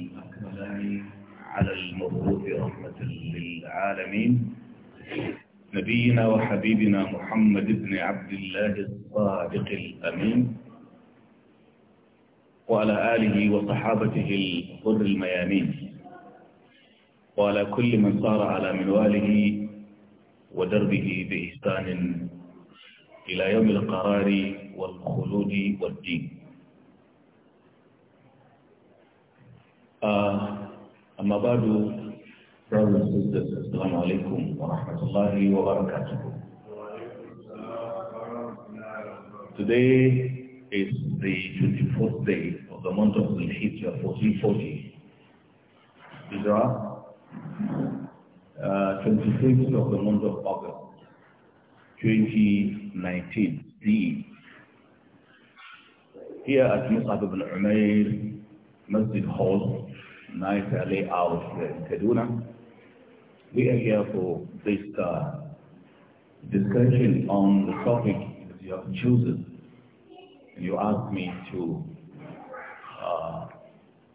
الأكملان على المبعوث رحمة للعالمين نبينا وحبيبنا محمد بن عبد الله الصادق الأمين وعلى آله وصحابته الغر الميامين وعلى كل من صار على منواله ودربه بإحسان إلى يوم القرار والخلود والدين Uh, amma badu brothers and sisters assalamu alaikum wa rahmatullahi today is the 24th day of the month of Zulhijjah 1440 Hijrah uh, 26th of the month of August 2019 CE here at Mus'ab ibn Umair Masjid Hall nice layout here in Kaduna. We are here for this uh, discussion on the topic you have chosen. you asked me to uh,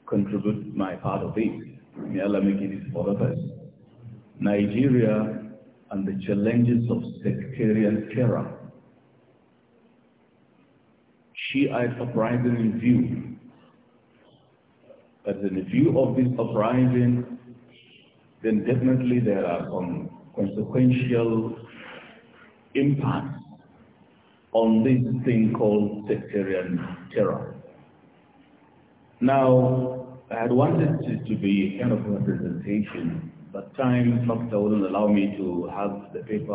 contribute my part of it. May Allah make it for us. Nigeria and the challenges of sectarian terror. Shiite uprising in view but in view of this uprising, then definitely there are some consequential impacts on this thing called sectarian terror. Now, I had wanted it to be kind of a presentation, but time factor wouldn't allow me to have the paper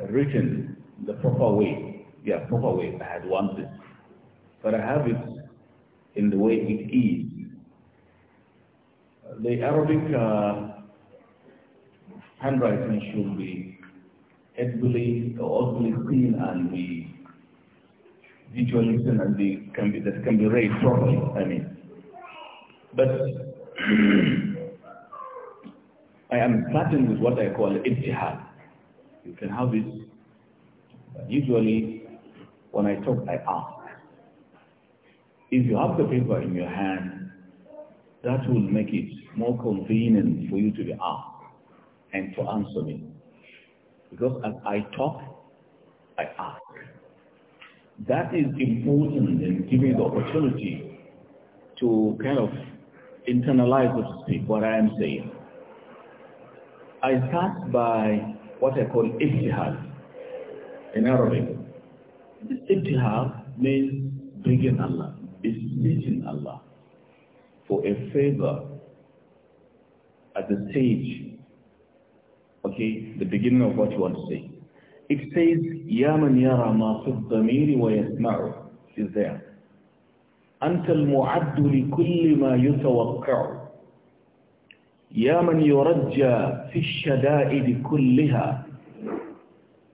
uh, written the proper way. Yeah, proper way I had wanted. But I have it in the way it is. The Arabic uh, handwriting should be easily, or ugly seen and be visually seen and be, can be, that can be read properly, I mean. But I am starting with what I call ijtihad. You can have it. Usually, when I talk, I ask. If you have the paper in your hand, that will make it more convenient for you to be asked and to answer me. Because as I talk, I ask. That is important in giving the opportunity to kind of internalize, so to speak, what I am saying. I start by what I call ijtihad in Arabic. This means begin Allah. is seeking Allah for a favor at the stage, okay, the beginning of what you want to say. It says, Ya man yara ma fi al-damiri wa yasma'u. is there. Anta al-mu'addu li kulli ma yutawakka'u. Ya man ما fi al-shada'i يرجى kulliha.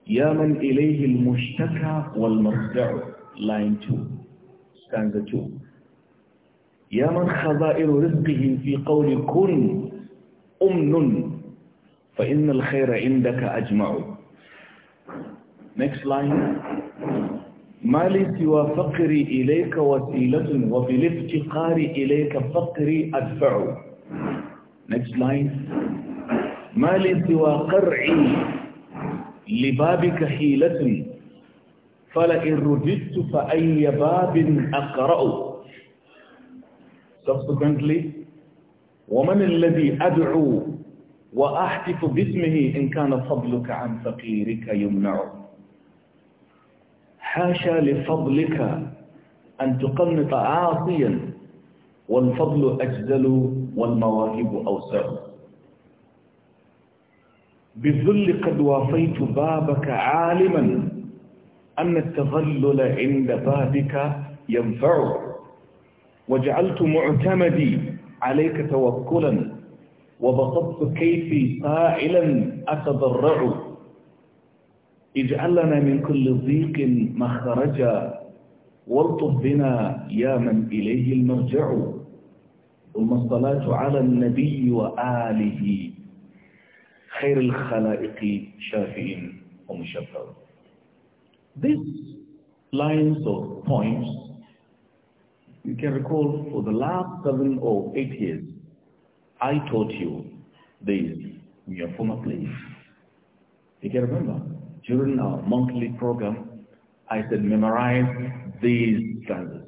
Ya man ilayhi al-mushtaka wal والمرجع line 2 تانغتو يا من خضائر رزقه في قول كن أمن فإن الخير عندك أجمع next line ما لي سوى فقري إليك وسيلة وفي الافتقار إليك فقري أدفع next line ما لي سوى قرعي لبابك حيلة فلئن رددت فأي باب أقرأ subsequently ومن الذي أدعو وأحتف باسمه إن كان فضلك عن فقيرك يمنع حاشا لفضلك أن تقنط عاصيا والفضل أجزل والمواهب أوسع بذل قد وافيت بابك عالما أن التظلل عند بابك ينفع وجعلت معتمدي عليك توكلا وبسطت كيفي سائلا أتضرع اجعل لنا من كل ضيق مخرجا والطف بنا يا من إليه المرجع ثم الصلاة على النبي وآله خير الخلائق شافئين ومشفعون These lines or points, you can recall for the last seven or eight years, I taught you these. in your former place. You can remember, during our monthly program, I said memorize these stanzas.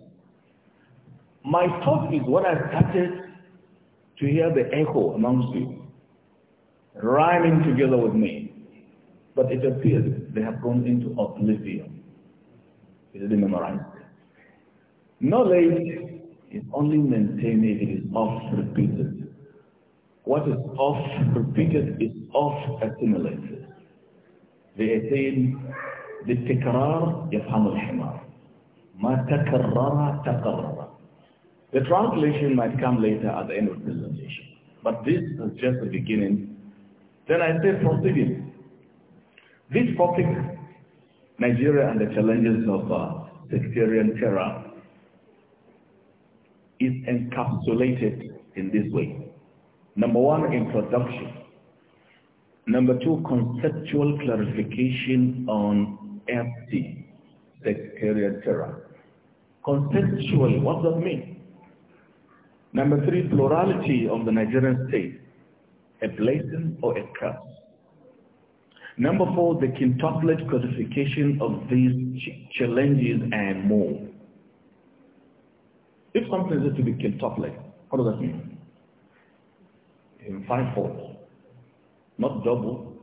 My thought is when I started to hear the echo amongst you, rhyming together with me, but it appears they have gone into oblivion. it memorized. Knowledge is only maintained if it is oft repeated. What is oft repeated is oft assimilated. They say, بالتكرار يفهم الحمار. ma تكرر تقرر. The translation might come later at the end of the presentation. But this is just the beginning. Then I say proceeding. This topic, Nigeria and the challenges of uh, sectarian terror, is encapsulated in this way. Number one, introduction. Number two, conceptual clarification on FT, sectarian terror. Conceptual, what does that mean? Number three, plurality of the Nigerian state, a blessing or a curse. Number four, the quintuplet codification of these ch challenges and more. If something is to be quintuplet, what does that mean? In fivefold, not double,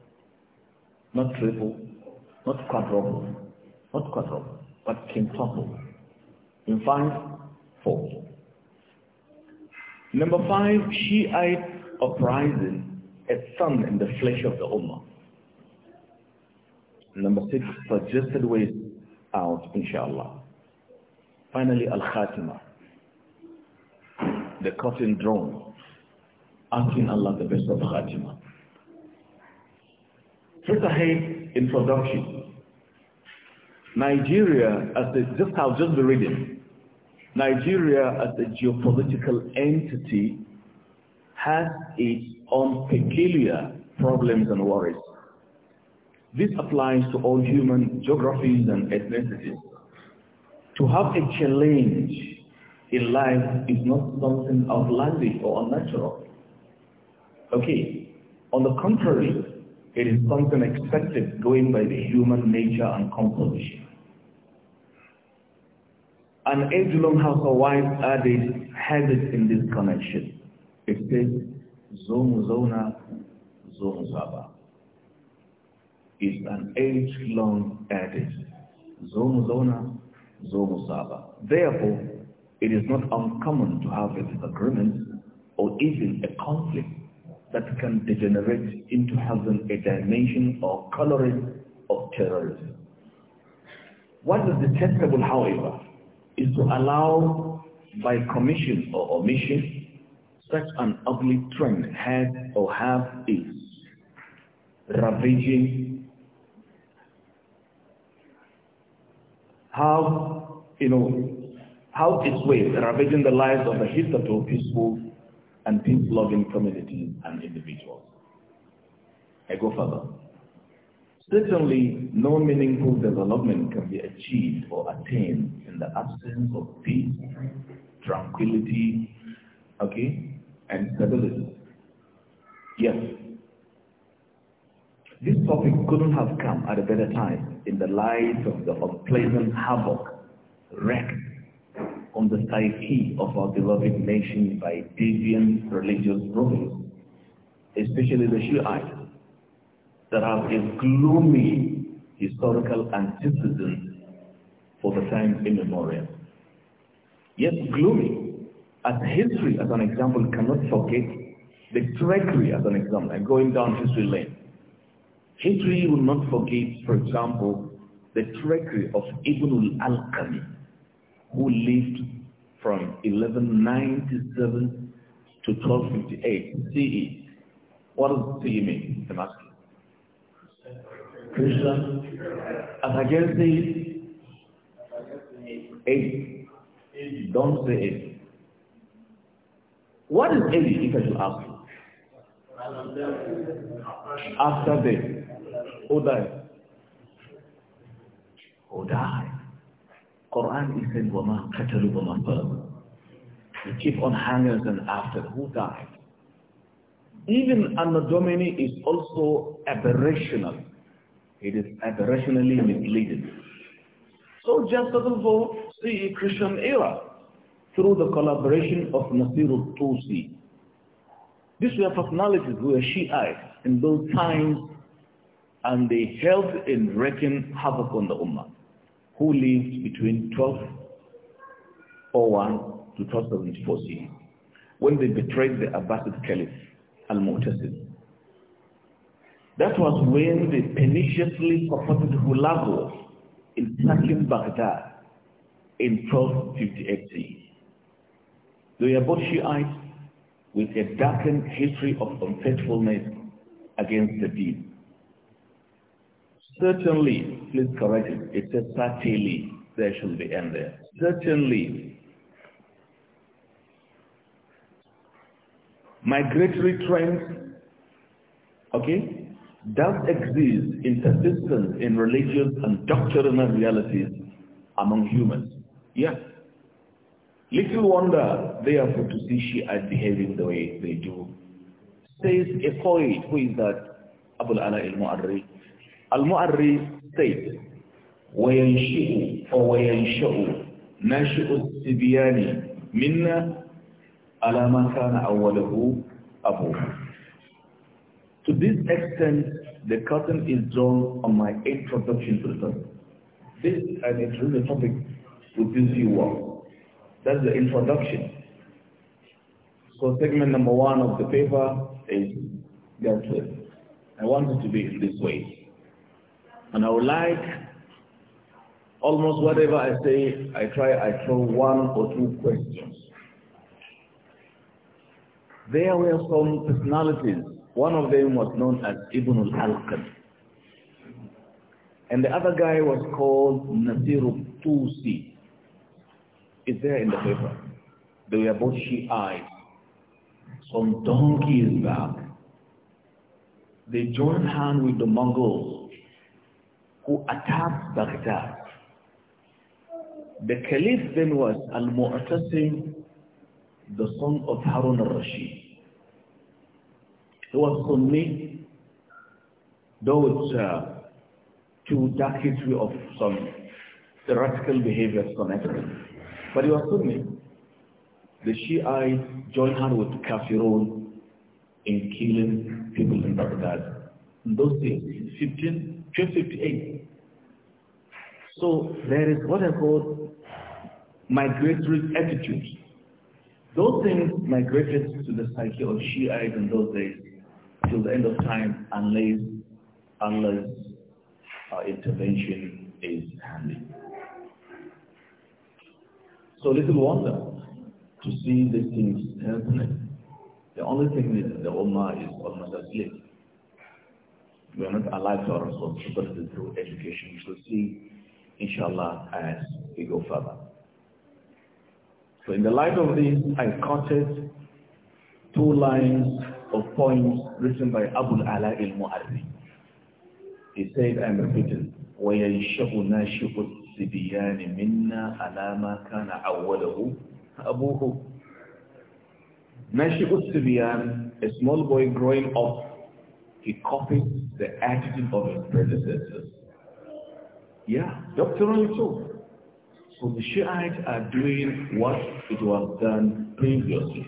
not triple, not quadruple, not quadruple, but quintuple. In fivefold. Number five, Shiite uprising, a son in the flesh of the Ummah. Number six, suggested ways out, inshallah. Finally, Al-Khatima, the cotton drone. asking Allah the best of Khatima. First ahead, introduction. Nigeria, as the, just i just the reading, Nigeria as a geopolitical entity has its own peculiar problems and worries. This applies to all human geographies and ethnicities. To have a challenge in life is not something outlandish or unnatural. Okay, on the contrary, it is something expected going by the human nature and composition. An age-long household wife added habit in this connection. It says, Zom Zona, Zom Zaba is an age-long adage. Zomu zona, Therefore, it is not uncommon to have a disagreement or even a conflict that can degenerate into having a dimension or coloring of terrorism. What is detestable, however, is to allow by commission or omission such an ugly trend has or have is ravaging how, you know, how its ways ravaging the lives of the hitherto peaceful and peace-loving communities and individuals. I go further. Certainly, no meaningful development can be achieved or attained in the absence of peace, tranquility, okay, and stability. Yes, this topic couldn't have come at a better time in the light of the unpleasant havoc wreaked on the psyche of our beloved nation by deviant religious groups, especially the Shiites, that have a gloomy historical antecedent for the time immemorial. Yet gloomy, as history, as an example, cannot forget the treachery, as an example, and going down history lane History will not forget, for example, the treachery of Ibn al-Alqami, who lived from 1197 to 1258 CE. What does CE mean? I'm Christian. As against the eight. Don't say it. What is eight, if I should ask you? After the who died? Who died? Quran is saying, وَمَا قَتَلُوا وَمَا فَرَمُوا The keep on hangers and after. Who died? Even anodomini is also aberrational. It is aberrationally misleading. So just settle for see Christian era through the collaboration of Nasir al-Tusi. These were personalities who were Shiites in those times and they held in wreaking havoc on the Ummah, who lived between 1201 to 1274 when they betrayed the Abbasid Caliph, Al-Mu'tasim. That was when they perniciously supported Hulagu in sacking Baghdad in 1258 CE. They were both Shiites with a darkened history of unfaithfulness against the deen. Certainly, please correct it. It says certainly. There should be end there. Certainly. Migratory trends, okay, does exist in persistence in religious and doctrinal realities among humans. Yes. Little wonder, therefore, to see Shia behaving the way they do. Says a poet, who is that? Abu al-Ala al-Mu'arri, وَيَنْشِئُ السِّبْيَانِ مِنَّا عَلَى مَا كَانَ أَوَّلَهُ أَبُوهُ To this extent, the curtain is drawn on my introduction to the topic. This, and introduction the topic will these you words. That's the introduction. So segment number one of the paper is that's I want it to be in this way. And I would like almost whatever I say, I try, I throw one or two questions. There were some personalities. One of them was known as Ibn al-Alqad. And the other guy was called Nasir al-Tusi. It's there in the paper. They were both Shiites. Some donkeys back. They joined hands with the Mongols who attacked Baghdad. The caliph then was Al-Mu'tasim, the son of Harun al-Rashid. He was Sunni, though it's uh, to dark history of some radical behavior connected. But he was Sunni. The Shiites joined hand with Kafirun in killing people in Baghdad. In those days, 15 258. So there is what I call migratory attitudes. Those things migrated to the psyche of Shiites in those days till the end of time unless, unless our intervention is handy. So little wonder to see these things happening. The only thing is the Ummah is almost asleep. We are not allowed to our responsibility through education. We shall see, inshallah, as we go further. So in the light of this, I quoted two lines of poems written by Abu al-Ala al-Mu'arri. He said, I'm repeating, وَيَنْشَأُ نَاشِقُ السِّبِيَانِ مِنَّا عَلَى مَا كَانَ عَوَّلَهُ أَبُوهُ Nashiqut Sibiyan, a small boy growing up he copies the attitude of his predecessors. Yeah, doctrinally too. So the Shiites are doing what it was done previously.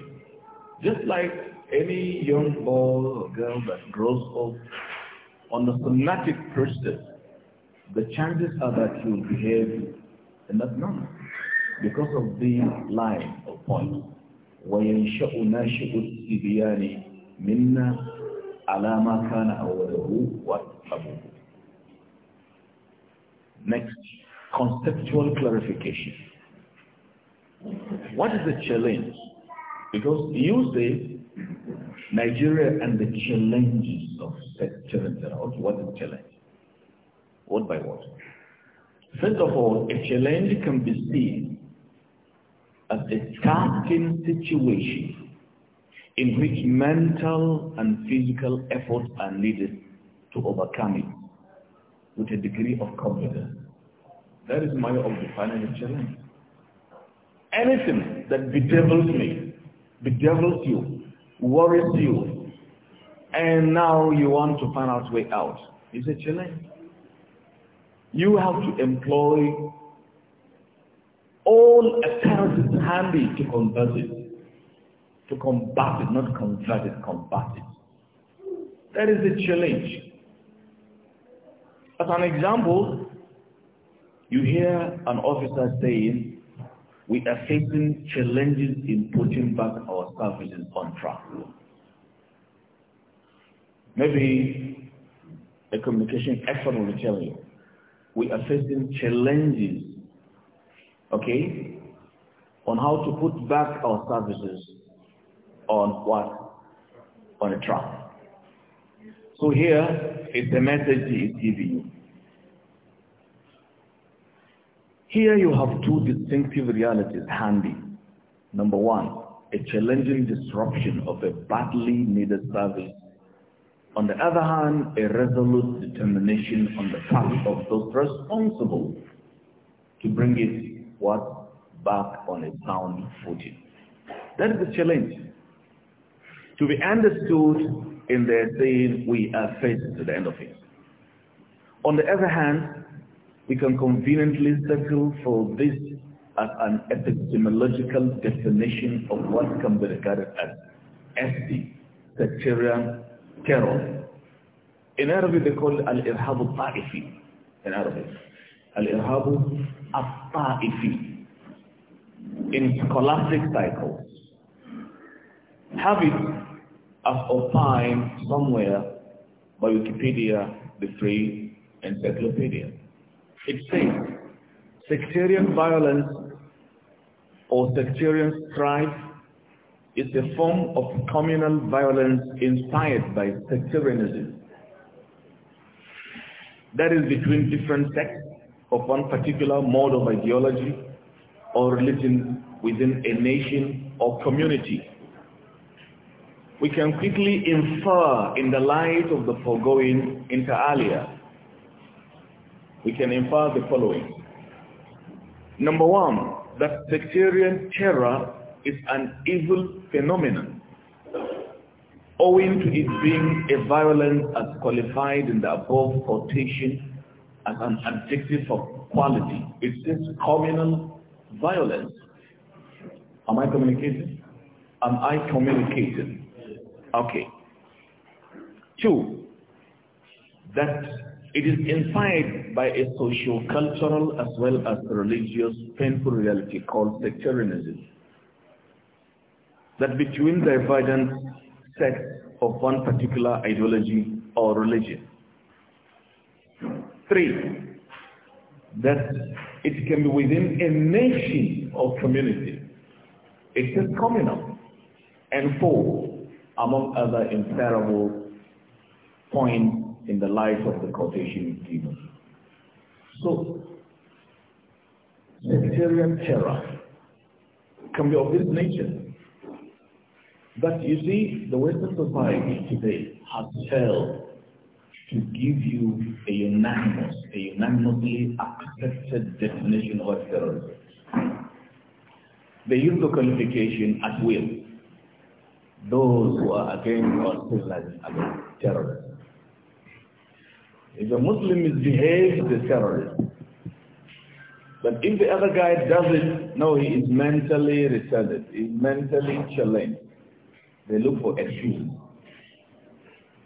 Just like any young boy or girl that grows up on the fanatic process, the chances are that you will behave in that manner because of the line of point. وَيَنْشَأُ نَاشِئُ السِّبْيَانِ مِنَّا alama kana wa abuhu. Next, conceptual clarification. What is the challenge? Because you say Nigeria and the challenges of that challenge. What is challenge? What by what? First of all, a challenge can be seen as a starting situation in which mental and physical efforts are needed to overcome it with a degree of confidence. That is my way defining challenge. Anything that bedevils me, bedevils you, worries you, and now you want to find out way out, is a challenge. You have to employ all apparent handy to convert it to combat it, not convert it, combat it. That is the challenge. As an example, you hear an officer saying, we are facing challenges in putting back our services on track. Maybe a communication expert will tell you, we are facing challenges, okay, on how to put back our services on what? On a trap. So here is the message he is giving you. Here you have two distinctive realities handy. Number one, a challenging disruption of a badly needed service. On the other hand, a resolute determination on the part of those responsible to bring it what back on a sound footing. That is the challenge to be understood in their saying we are faced to the end of it. On the other hand, we can conveniently settle for this as an epistemological definition of what can be regarded as SD, sectarian terror. In Arabic they call it al-irhab al-ta'ifi, in Arabic. Al-irhab al-ta'ifi. In scholastic cycles, have it as opined somewhere by Wikipedia, the free encyclopedia. It says, sectarian violence or sectarian strife is a form of communal violence inspired by sectarianism. That is between different sects of one particular mode of ideology or religion within a nation or community we can quickly infer in the light of the foregoing inter alia, we can infer the following. Number one, that sectarian terror is an evil phenomenon owing to it being a violence as qualified in the above quotation as an adjective of quality. It is communal violence. Am I communicating? Am I communicating? Okay. Two, that it is inspired by a socio-cultural as well as religious painful reality called sectarianism. That between divergent sect of one particular ideology or religion. Three, that it can be within a nation or community. It is communal. And four, among other imperable points in the life of the Caucasian people, So, sectarian terror can be of this nature. But you see, the Western society today has failed to give you a unanimous, a unanimously accepted definition of terrorism. They use the qualification at will those who are against or still against terrorists. If a Muslim misbehaves, he's a terrorist. But if the other guy does not no, he is mentally retarded, is mentally challenged. They look for excuse.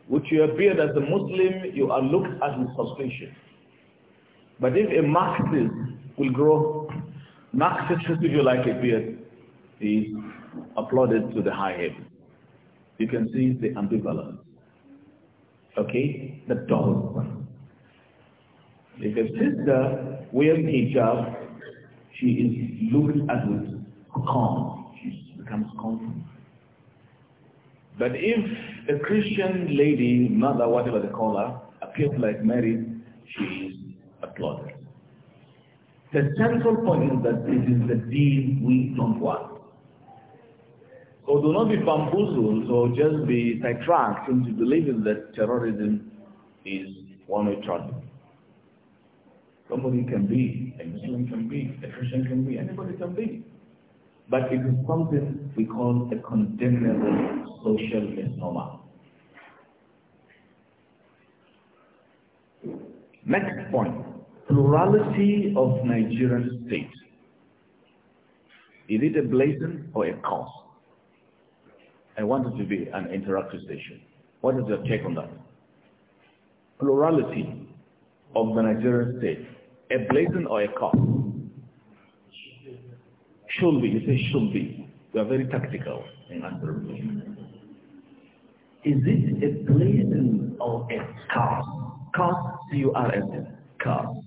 Would you appear as a Muslim, you are looked at with suspicion. But if a Marxist will grow, Marxist, if you like, appears, he is applauded to the high heaven you can see the ambivalence. Okay? The double. If a sister wears hijab, she is looked at with calm. She becomes confident. But if a Christian lady, mother, whatever they call her, appears like Mary, she is applauded. The central point is that it is the deed we don't want or do not be bamboozled or just be sidetracked into believing that terrorism is one-way traffic. Somebody can be, a Muslim can be, a Christian can be, anybody can be. But it is something we call a condemnable social misnomer. Next point, plurality of Nigerian states. Is it a blessing or a cost? I wanted to be an interactive station. What is your take on that? Plurality of the Nigerian state, a blazon or a coat? Should be. You say should be. We are very tactical in answering. Is it a blazon or a cause? Cause, C-U-R-S, Coat.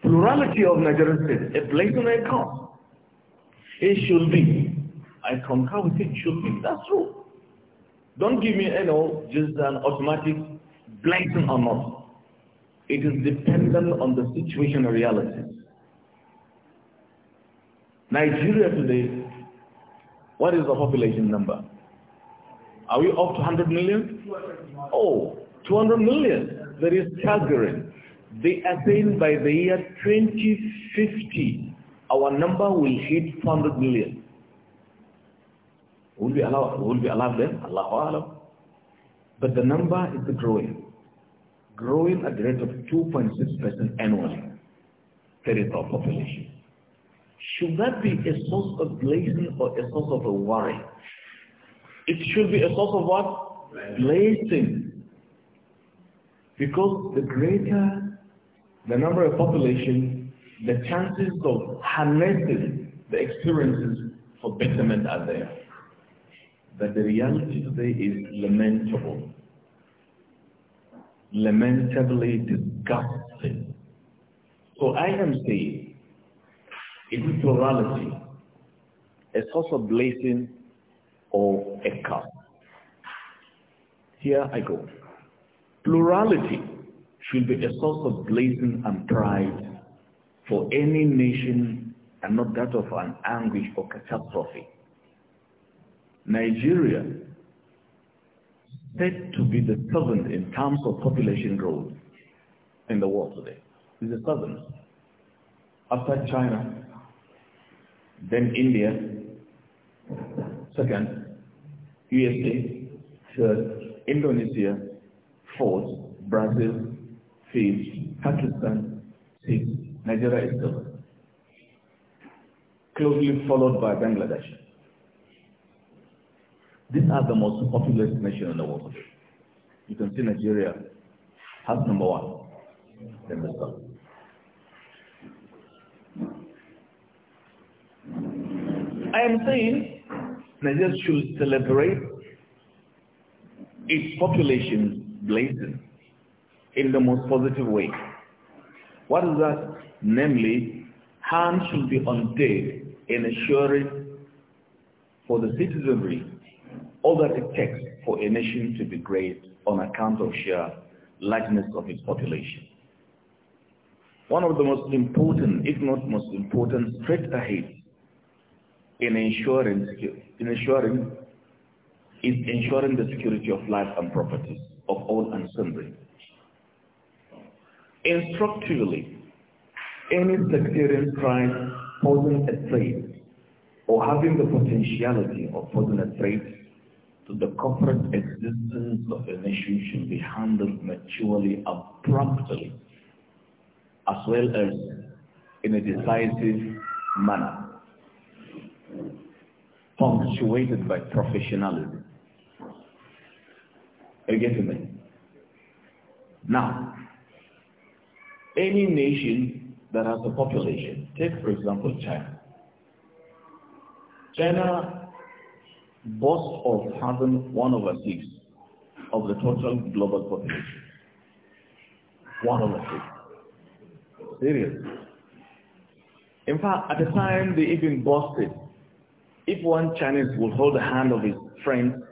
Plurality of Nigerian state, a blazon or a coat? It should be. I concur with it, should be. That's true. Don't give me, you know, just an automatic blessing or not. It is dependent on the situation and reality. Nigeria today, what is the population number? Are we up to 100 million? Oh, 200 million. That is staggering. They attain by the year 2050, our number will hit 400 million. Will we allowed? will be allowed them? Allahu Alam. But the number is growing. Growing at the rate of 2.6% annually Territorial population. Should that be a source of blessing or a source of a worry? It should be a source of what? Blessing. Because the greater the number of population, the chances of harnessing the experiences for betterment are there that the reality today is lamentable, lamentably disgusting. So I am saying, in plurality, a source of blessing or a curse. Here I go. Plurality should be a source of blessing and pride for any nation and not that of an anguish or catastrophe. Nigeria, said to be the seventh in terms of population growth in the world today. It's the seventh. After China, then India, second, USA, third, Indonesia, fourth, Brazil, fifth, Pakistan, sixth, Nigeria is seventh. Closely followed by Bangladesh. These are the most populous nation in the world. You can see Nigeria has number one, then the I am saying Nigeria should celebrate its population blazon in the most positive way. What is that? Namely, hands should be day in ensuring for the citizenry all that it takes for a nation to be great on account of sheer largeness of its population. One of the most important, if not most important, straight ahead in ensuring, in ensuring is ensuring the security of life and properties of all and sundry. Instructively, any sectarian crime posing a threat or having the potentiality of posing a threat so the corporate existence of a nation should be handled maturely, abruptly, as well as in a decisive manner, punctuated by professionalism. Are you getting me? Now, any nation that has a population, take for example China. China boast of having one over six of the total global population. One over six. Serious. In fact, at the time they even boasted, if one Chinese will hold the hand of his friend,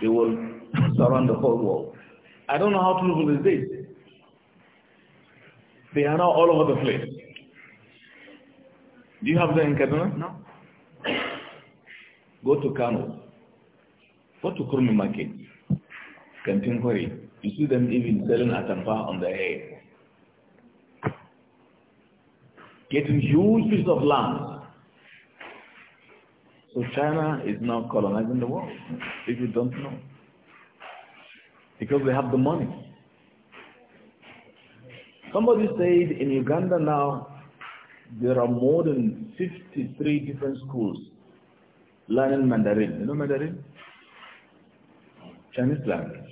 they will surround the whole world. I don't know how truthful is this. They are now all over the place. Do you have them in Kaduna? No. Go to Kano. What to Kurmi market? Contemporary. You see them even selling atampa on the head. Getting huge pieces of land. So China is now colonizing the world, if you don't know. Because they have the money. Somebody said in Uganda now, there are more than 53 different schools learning Mandarin. You know Mandarin? Chinese language.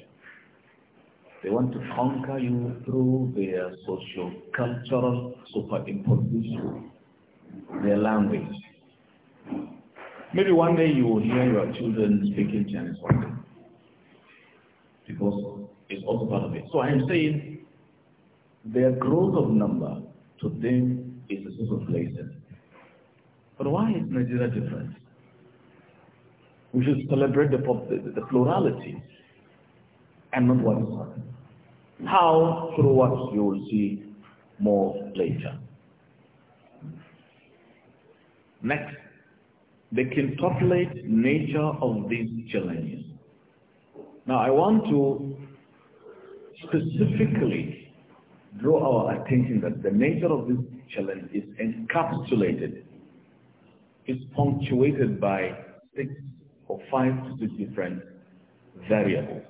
They want to conquer you through their social, cultural superimposition, their language. Maybe one day you will hear your children speaking Chinese one day. Because it's also part of it. So I am saying their growth of number to them is a source of blessing. But why is Nigeria different? We should celebrate the, the, the plurality and not what is happening. How through what you will see more later. Next, the can nature of these challenges. Now I want to specifically draw our attention that the nature of this challenge is encapsulated, is punctuated by six of five to six different variables.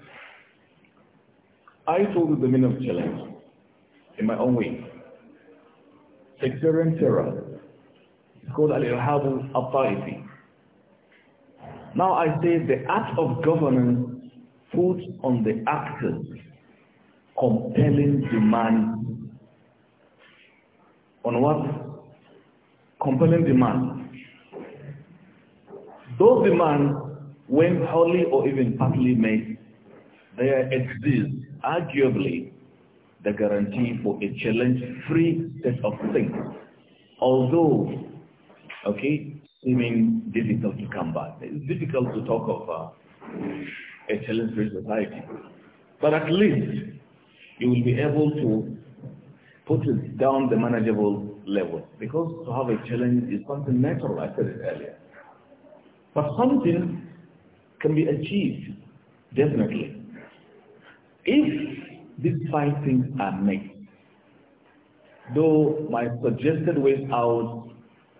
I told you the meaning of challenge in my own way. Sectarian terror is called al-irhab al Now I say the act of governance puts on the actors compelling demand on what? Compelling demand. Those demands when wholly or even partly made, there exists arguably the guarantee for a challenge-free set of things, although, okay, seeming difficult to come by. It's difficult to talk of uh, a challenge-free society, but at least you will be able to put it down the manageable level, because to have a challenge is something natural, I said it earlier. But something can be achieved, definitely. If these five things are met, though my suggested ways out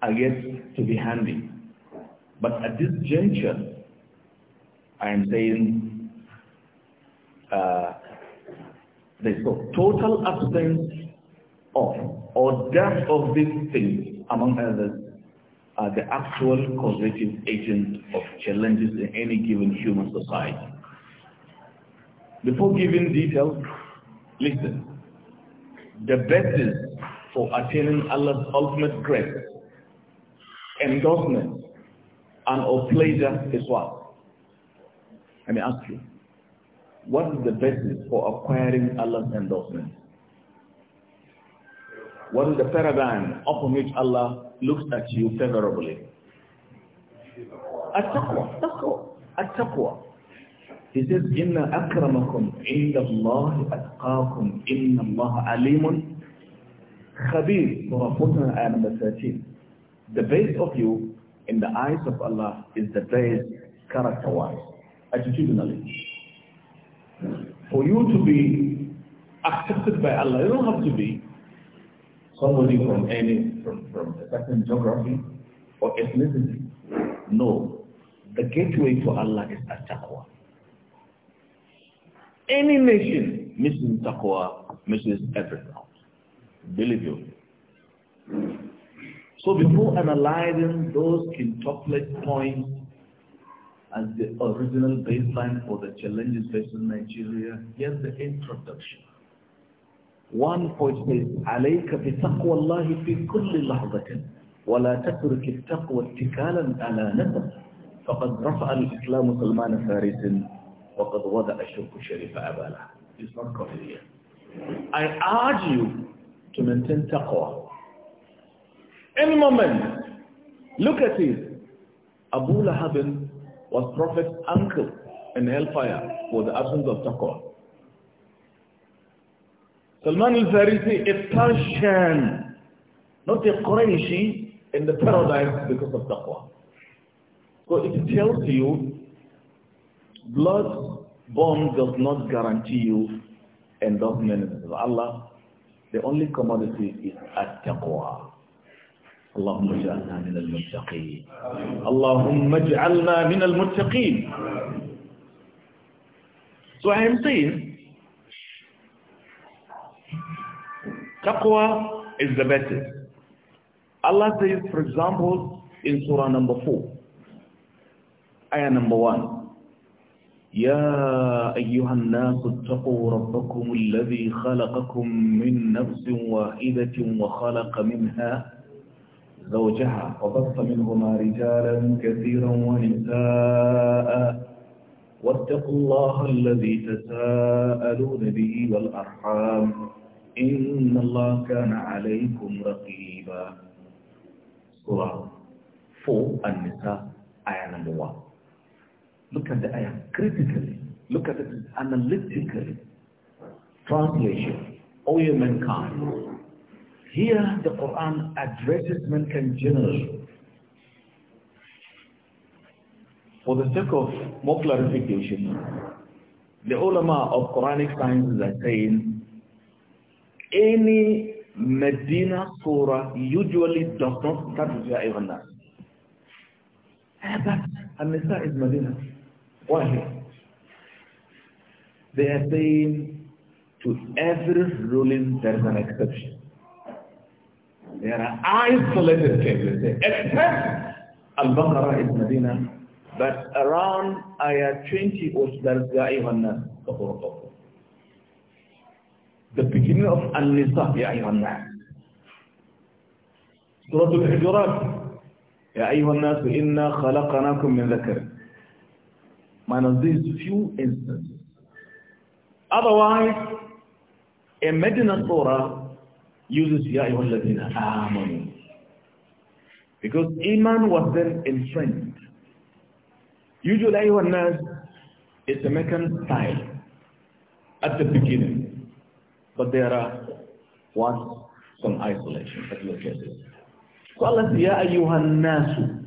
are yet to be handy, but at this juncture, I am saying uh, a total absence of or death of these things, among others, are the actual causative agents of challenges in any given human society. Before giving details, listen. The basis for attaining Allah's ultimate grace, endorsement, and or pleasure is what? Let me ask you. What is the basis for acquiring Allah's endorsement? What is the paradigm upon which Allah looks at you favorably? At-taqwa. Taqwa. At-taqwa. He says, إِنَّ أَكْرَمَكُمْ عِنْدَ اللَّهِ أَتْقَاكُمْ إِنَّ اللَّهَ عَلِيمٌ خَبِيرٌ Surah Futana, ayah number 13. The base of you in the eyes of Allah is the base character-wise, attitudinally. For you to be accepted by Allah, you don't have to be somebody from any from, from a certain geography or ethnicity. No. The gateway to Allah is at taqwa. Any nation missing taqwa misses everything Believe you. So before analyzing those quintuplet points as the original baseline for the challenges facing Nigeria, here's the introduction. One poet says, عليك بتقوى الله في كل لحظة ولا تترك التقوى اتكالا على نفسك فقد رفع الإسلام سلمان فارس وقد وضع الشرك الشريف أباله. It's not covered here. I urge you to maintain taqwa. Any moment, look at it. Abu Lahab was Prophet's uncle in hellfire for the absence of taqwa. Salman al-Farisi, a Persian, not a Qurayshi, in the paradise because of taqwa. So it tells you, blood bond does not guarantee you endowment of Allah. The only commodity is at-taqwa. اللهم اجعلنا من المتقين اللهم اجعلنا من المتقين So I am saying Taqwa is the best. Allah says, for example, in Surah number 4, ayah number 1, يا أيها الناس اتقوا ربكم الذي خلقكم من نفس واحدة وخلق منها زوجها وبث منهما رجالا كثيرا ونساء واتقوا الله الذي تساءلون به والأرحام إن الله كان عليكم رقيبا سورة 4 النساء آية number 1 Look at the ayah critically. Look at it analytically. Translation. All your mankind. Here the Quran addresses mankind generally. For the sake of more clarification, the ulama of Quranic sciences are saying any Medina surah usually does not start with Ya Ayyuhan Nas. But an is Medina. Why They are saying to every ruling there is an exception. There are isolated cases. Except Al-Baqarah is Medina. But around Ayah 20 was there is Ya Ayyuhan Nas. the beginning of An-Nisa, Ya Ayyuhan Nas. Surah al hijurat Ya Ayyuhan Nas, Inna khalaqanakum min dhakar. Minus these few instances. Otherwise, a Medina Surah uses Ya Ayyuhan Ladina Amun. Because Iman was then enframed. Usually Ya Nas is a Meccan style at the beginning. But there are what? Some isolation at your cases. So Allah says, Ya ayyuhan nasu,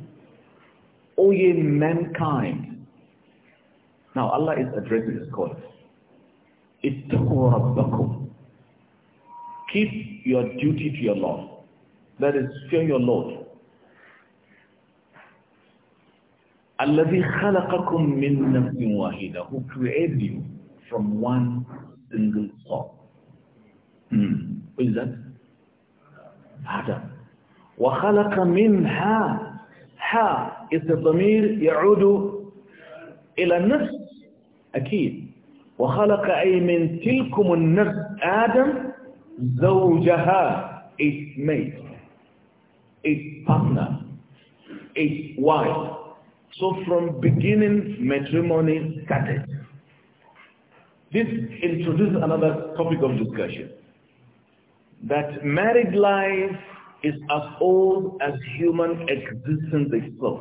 O ye mankind. Now Allah is addressing his callers. اتَّقُوا رَبَّكُمْ Keep your duty to your Lord. That is, fear your Lord. الذي خلقكم من نفس واحدة who created you from one single soul Hmm. Who is that? Adam. وَخَلَقَ مِنْهَا ها إِذَ the يعود إلى النفس أكيد وخلق أي من تلكم النفس آدم زوجها its mate its partner its wife so from beginning matrimony started this introduces another topic of discussion that married life is as old as human existence itself.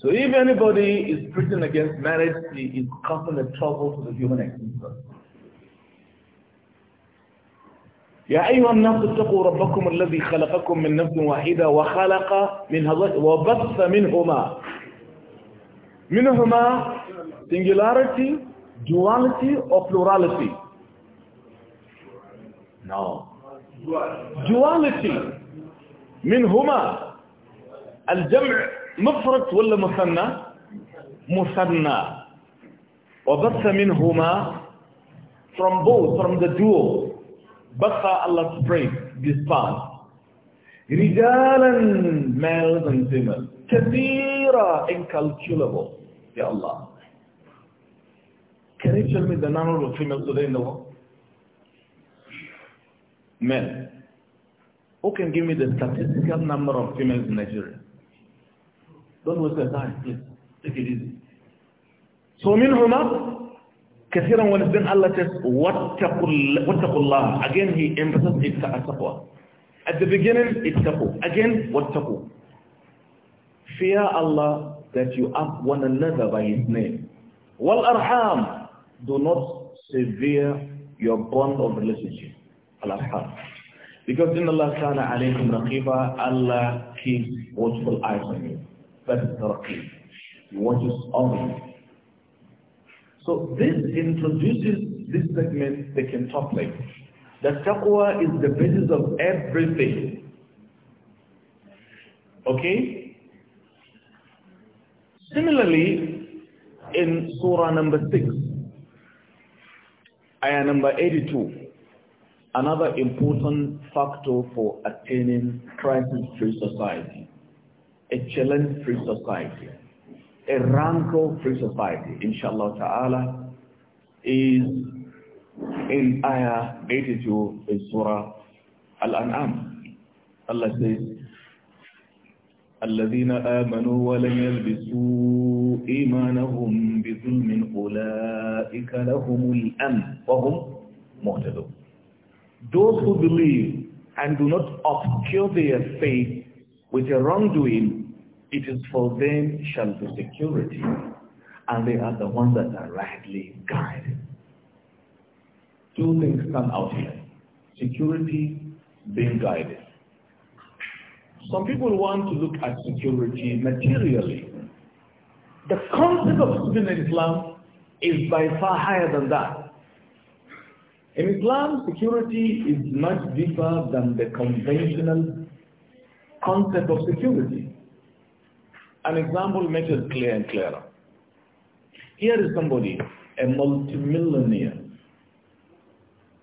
So if anybody is preaching against marriage, he is causing a trouble to the human existence. يا أيها الناس اتقوا ربكم الذي خلقكم من نفس واحدة وخلق منها وبث منهما منهما singularity, duality or plurality No. Duality. من هما الجمع مفرد ولا مثنى مثنى وبث منهما from both from the duo بث Allah spread dispersed رجالا males and females كثيرة incalculable يا الله can you tell me the number of females today in the world men. Who can give me the statistical number of females in Nigeria? Don't waste your time, please. Take it easy. So منهما كثيرا ونسبين Allah says واتقوا الله again he emphasizes it a at the beginning it's taqwa again واتقوا fear Allah that you ask one another by his name والأرحام do not sever your bond of relationship al Because in Allah ta'ala alaykum raqiba, Allah keeps watchful eyes on you. That is the raqib. He watches on you. So this introduces this segment, the contemplate. That taqwa is the basis of everything. Okay? Similarly, in Surah number 6, ayah number 82, another important factor for attaining crisis-free society, a challenge-free society, a rancor-free society, inshallah ta'ala, is in ayah 82 in Surah Al-An'am. Allah says, الذين آمنوا ولم يلبسوا إيمانهم بظلم أولئك لهم الأمن وهم مهتدون those who believe and do not obscure their faith with a wrongdoing, it is for them shall be security. And they are the ones that are rightly guided. Two things come out here. Security, being guided. Some people want to look at security materially. The concept of student Islam is by far higher than that. In Islam, security is much deeper than the conventional concept of security. An example makes it clear and clearer. Here is somebody, a multimillionaire,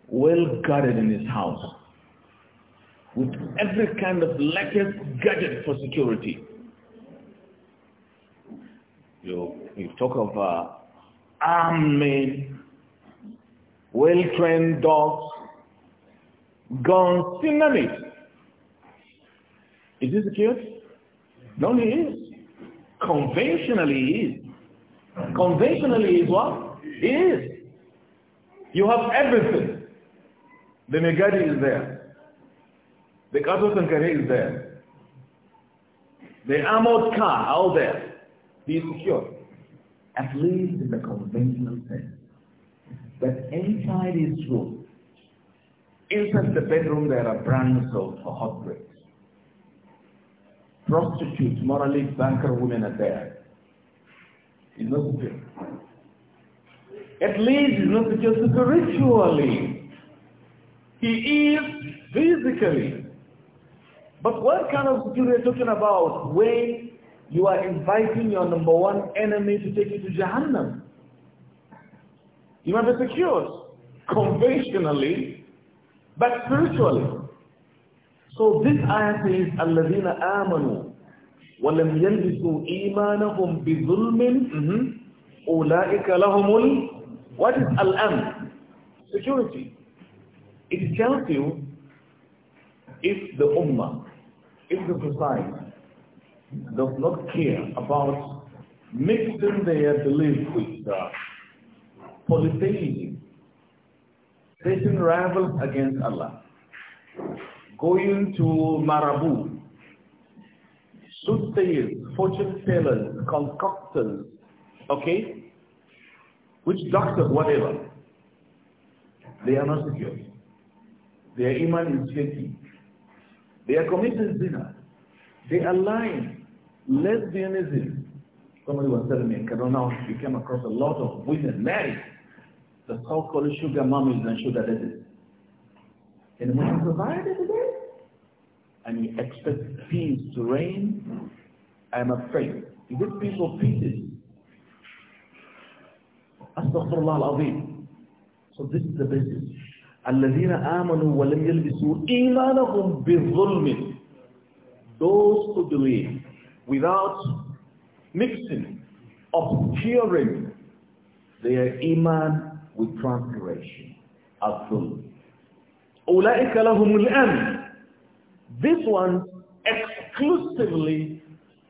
well guarded in his house, with every kind of latest gadget for security. You, you talk of uh, armed men well-trained dogs, guns, you is this this cute? No, he is. Conventionally, he is. Conventionally, he is what? He is. You have everything. The Megadi is there. The Kato Sankare is there. The armored car out there. Be secure. At least in the conventional sense. But inside his room, inside the bedroom, there are brands of hot bricks. Prostitutes, morally banker women are there. not secure. At least it's not secure spiritually. He is physically. But what kind of security are you talking about when you are inviting your number one enemy to take you to Jahannam? You might be secure conventionally, but spiritually. So this ayah says, الَّذِينَ آمَنُوا وَلَمْ يَلْبِسُوا إِيمَانَهُمْ بِظُلْمٍ أُولَٰئِكَ لَهُمُ What is al-am? Security. It tells you if the ummah, if the society does not care about mixing their belief with the polytheism, facing rivals against Allah, going to Marabu, soothsayers, fortune tellers, concoctors, okay, which doctors, whatever, they are not secure. Their iman is shaky. They are committing zina. They are lying. Lesbianism. Somebody was telling me in Kaduna, We came across a lot of women married the so-called sugar mummies and sugar daddies. And when you provide it today, and you expect peace to reign, I am afraid. Is it peace or pieces? Astaghfirullah al-Azim. So this is the basis. الَّذِينَ آمَنُوا وَلَمْ يَلْبِسُوا إِيمَانَهُمْ بِظُلْمٍ Those who believe without mixing, obscuring their iman with transpiration as food. أُولَٰئِكَ لَهُمُ الْأَمْنِ These ones exclusively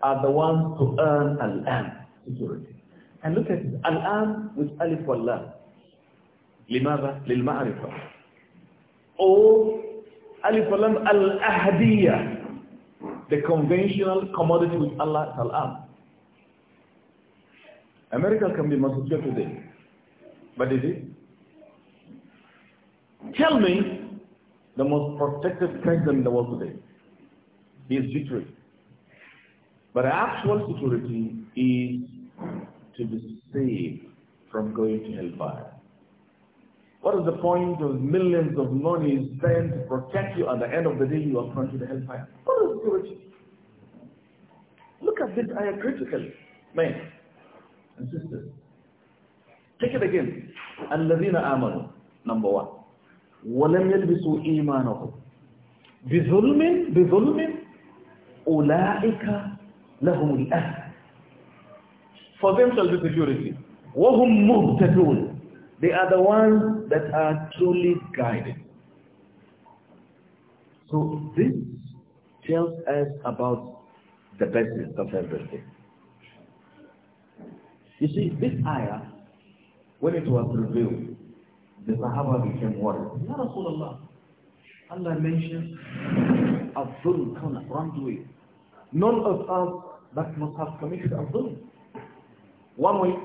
are the ones to earn al-am, security. And look at it, al-am with alif wal lam. لماذا؟ للمعرفة. Or alif wal lam al ahdiya the conventional commodity with Allah al-am. America can be secure today. But is it? Tell me the most protected president in the world today. is victory. But actual security is to be saved from going to hellfire. What is the point of millions of money spent to protect you at the end of the day you are thrown to the hellfire? What is security? Look at this I critically, men and sisters. Take it again. الَّذِينَ آمَنُوا Number one. وَلَمْ يَلْبِسُوا إِيمَانَهُمْ بِظُلْمٍ بِظُلْمٍ أُولَٰئِكَ لَهُمُ الْأَهْلِ For them shall be security. They are the ones that are truly guided. So this tells us about the basis of everything. You see, this ayah when it was revealed, the Sahaba became worried. Ya Rasulullah, Allah mentions Abdul Kana, wrongdoing. None of us that must have committed a zulm, One way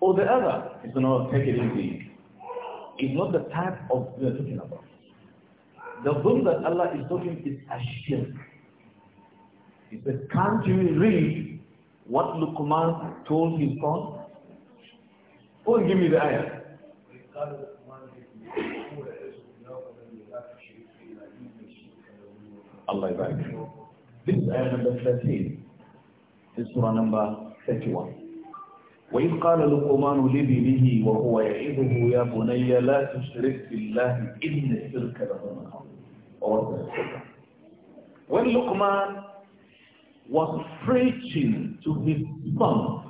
or the other. It's not take it easy. It's not the type of we are talking about. The zulm that Allah is talking is a shirk. He said, can't you read what Luqman told his God?" Who will give me the ayah? Allah is back. This is ayah number 13. This surah number 31. وإذ قال لقمان لابنه وهو يعظه يا بني لا تشرك بالله إن الشرك لظلم عظيم. When Luqman was preaching to his son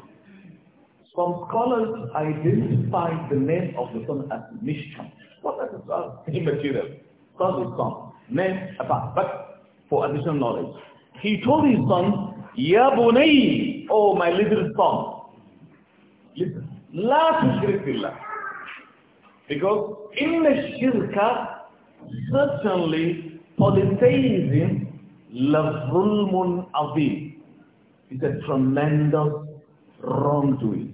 some scholars identify the name of the son as Mishkan. What that is uh, immaterial. Because it's son. Name apart. But for additional knowledge. He told his son, Ya Bunay, oh my little son. Listen. La tushrik Because in the shirka, certainly polytheism, la zulmun azim. It's a tremendous wrongdoing.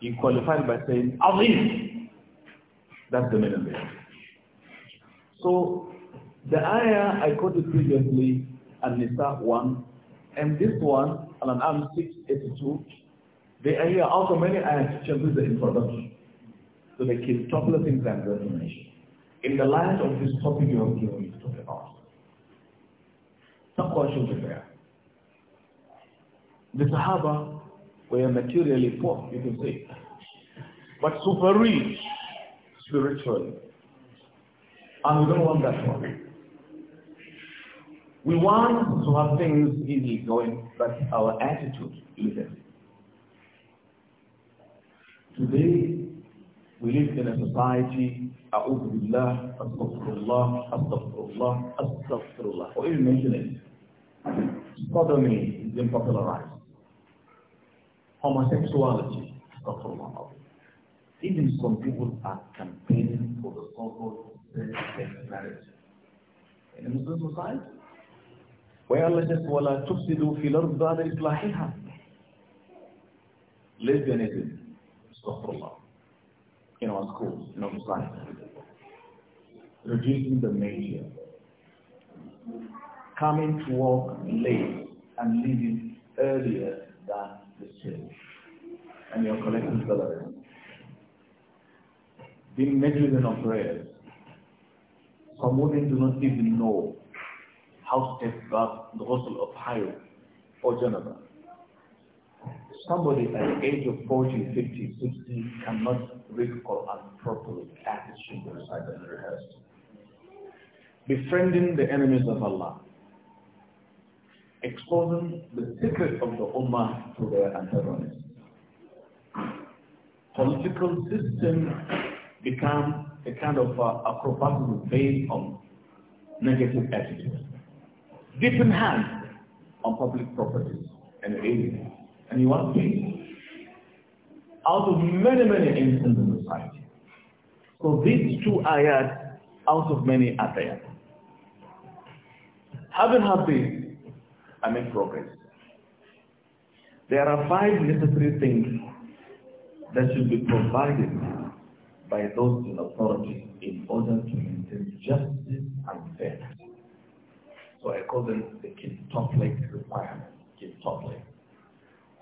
You qualify by saying, Azim. That's the main of So, the ayah I quoted previously, An-Nisa 1, and this one, Al-An'am 682, they are here also many ayahs changes the introduction. So they keep topical things and information. In the light of this topic you have given me to talk about. Some questions be there. The Sahaba we are materially poor, you can say, but super rich spiritually. And we don't want that one. We want to have things easy going, but our attitude isn't. Today, we live in a society, أعوذ بالله, أستغفر الله, أستغفر الله, أستغفر الله, or even mention it. Sodomy has been popularized homosexuality. Even some people are campaigning for the so-called same-sex marriage in a Muslim society. Where Allah says, وَلَا تُفْسِدُوا فِي الْأَرْضِ بَعْدَ إِصْلَاحِهَا Lesbianism, astaghfirullah, in our schools, in our society. Reducing the media. Coming to work late and leaving earlier than and your and to the collecting Being negligent of prayers. Some women do not even know how to take back the ghusl of Hayu or Janaba. Somebody at the age of 40, 50, 60 cannot read Quran properly as it should be recited and rehearsed. Befriending the enemies of Allah exposing the secret of the Ummah to their antagonists. Political system become a kind of uh, a propaganda based on negative attitudes. Different hands on public properties and areas. And you want to see out of many, many incidents in society. So these two ayat out of many are there. Having had this, I make progress. There are five necessary things that should be provided by those in authority in order to maintain justice and fairness. So I call them the quintuplet requirement. Quintuplet.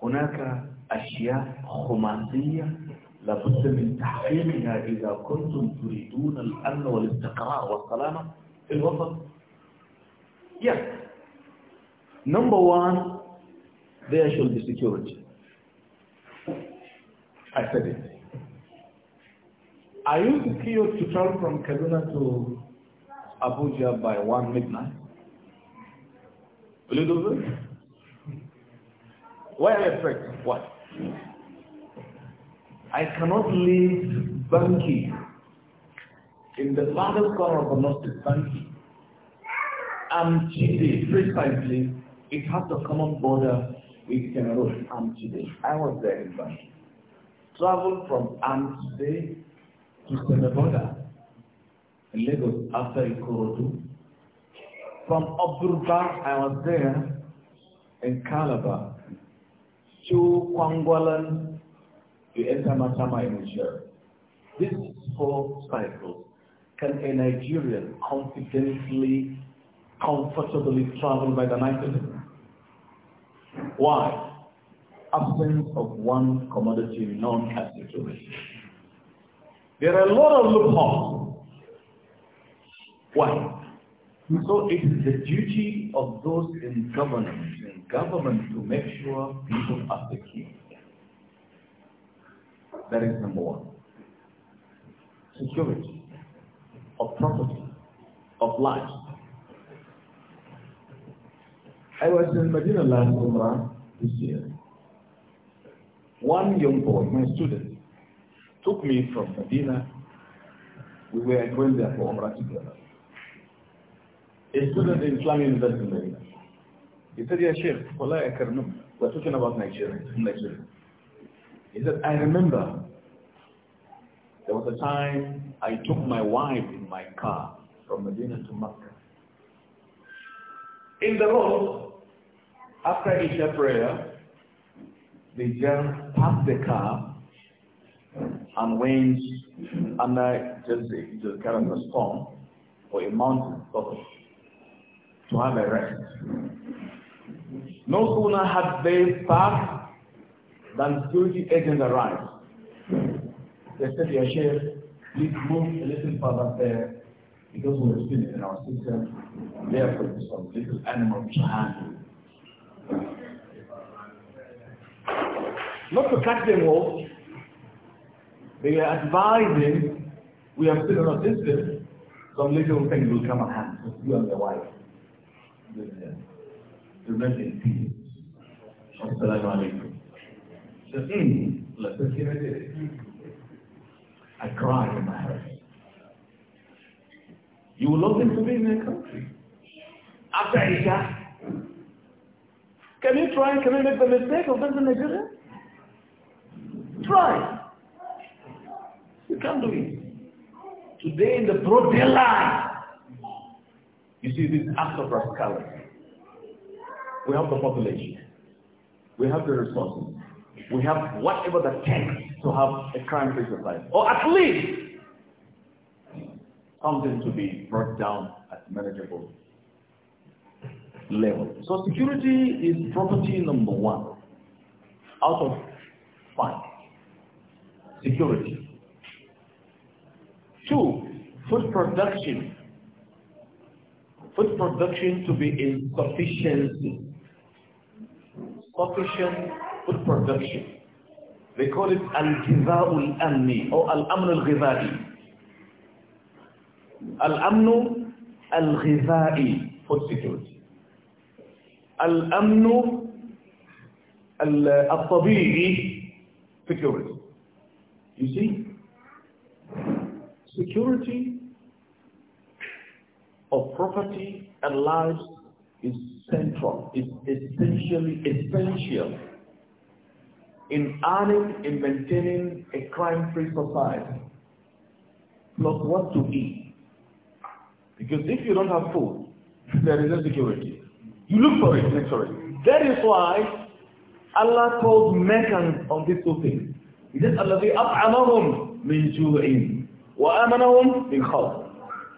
هناك أشياء خماسية لابد من تحقيقها إذا كنتم تريدون الأمن والاستقرار والسلامة في الوسط. Yes, Number one, there should be security. I said it. Are you secure to travel from Kaduna to Abuja by one midnight? Will you do this? Why are you afraid? What? I cannot leave Banki in the farthest corner of the Gnostic Banki. I'm cheated frequently it has a common border with Cameroon and today. I was there in Bank. Traveled from Am today to Senegal in Lagos after Ikorodu. From Oburba, I was there in Calabar to Kwangwalan to enter Matama in Niger. These four cycles can a Nigerian confidently, comfortably travel by the night? Why? Absence of one commodity non-constitution. There are a lot of loopholes. Why? So it is the duty of those in government, in government to make sure people are secure. That is number one. Security of property, of life, I was in Medina last Umrah this year. One young boy, my student, took me from Medina. We were going there for Umrah together. A student in Islamic University in Medina. He said, Yeah, Sheikh, I We're talking about Nigeria. Nigeria. He said, I remember there was a time I took my wife in my car from Medina to Mecca. In the road, after Isha prayer, they just parked the car and went under just, just kind of a storm or a mountain top to have a rest. No sooner had they passed than security agents arrived. They said, Your sheriff, please move a little further there because we are spinning in our system. Therefore, some little animal behind not to cut them off. They are advising, we are still on a distance, some little thing will come at hand, just you and your wife. The rest in peace. Assalamu alaikum. So, mm, let's it is. I cried in my heart. You will love them to be in their country. After Isha, can you try and can you make the mistake of being Nigerian? Try. You can't do it. Today in the broad daylight, you see this act of rascality. We have the population. We have the resources. We have whatever that takes to have a crime-free society. Or at least something to be brought down as manageable level. So security is property number one out of five. Security. Two, food production. Food production to be in sufficiency. Sufficient food production. They call it al-ghidha'u al-amni or al-amn al-ghidha'i. Al-amnu al-ghidha'i, food security. الأمن الطبيعي security. You see? Security of property and lives is central, is essentially essential in earning in maintaining a crime-free society. Plus what to eat. Because if you don't have food, there is no security. You look for it naturally. That is why Allah calls Meccans on these two things. He said, الَّذِي أَطْعَمَهُمْ مِنْ جُوعٍ وَآمَنَهُمْ مِنْ خَوْفٍ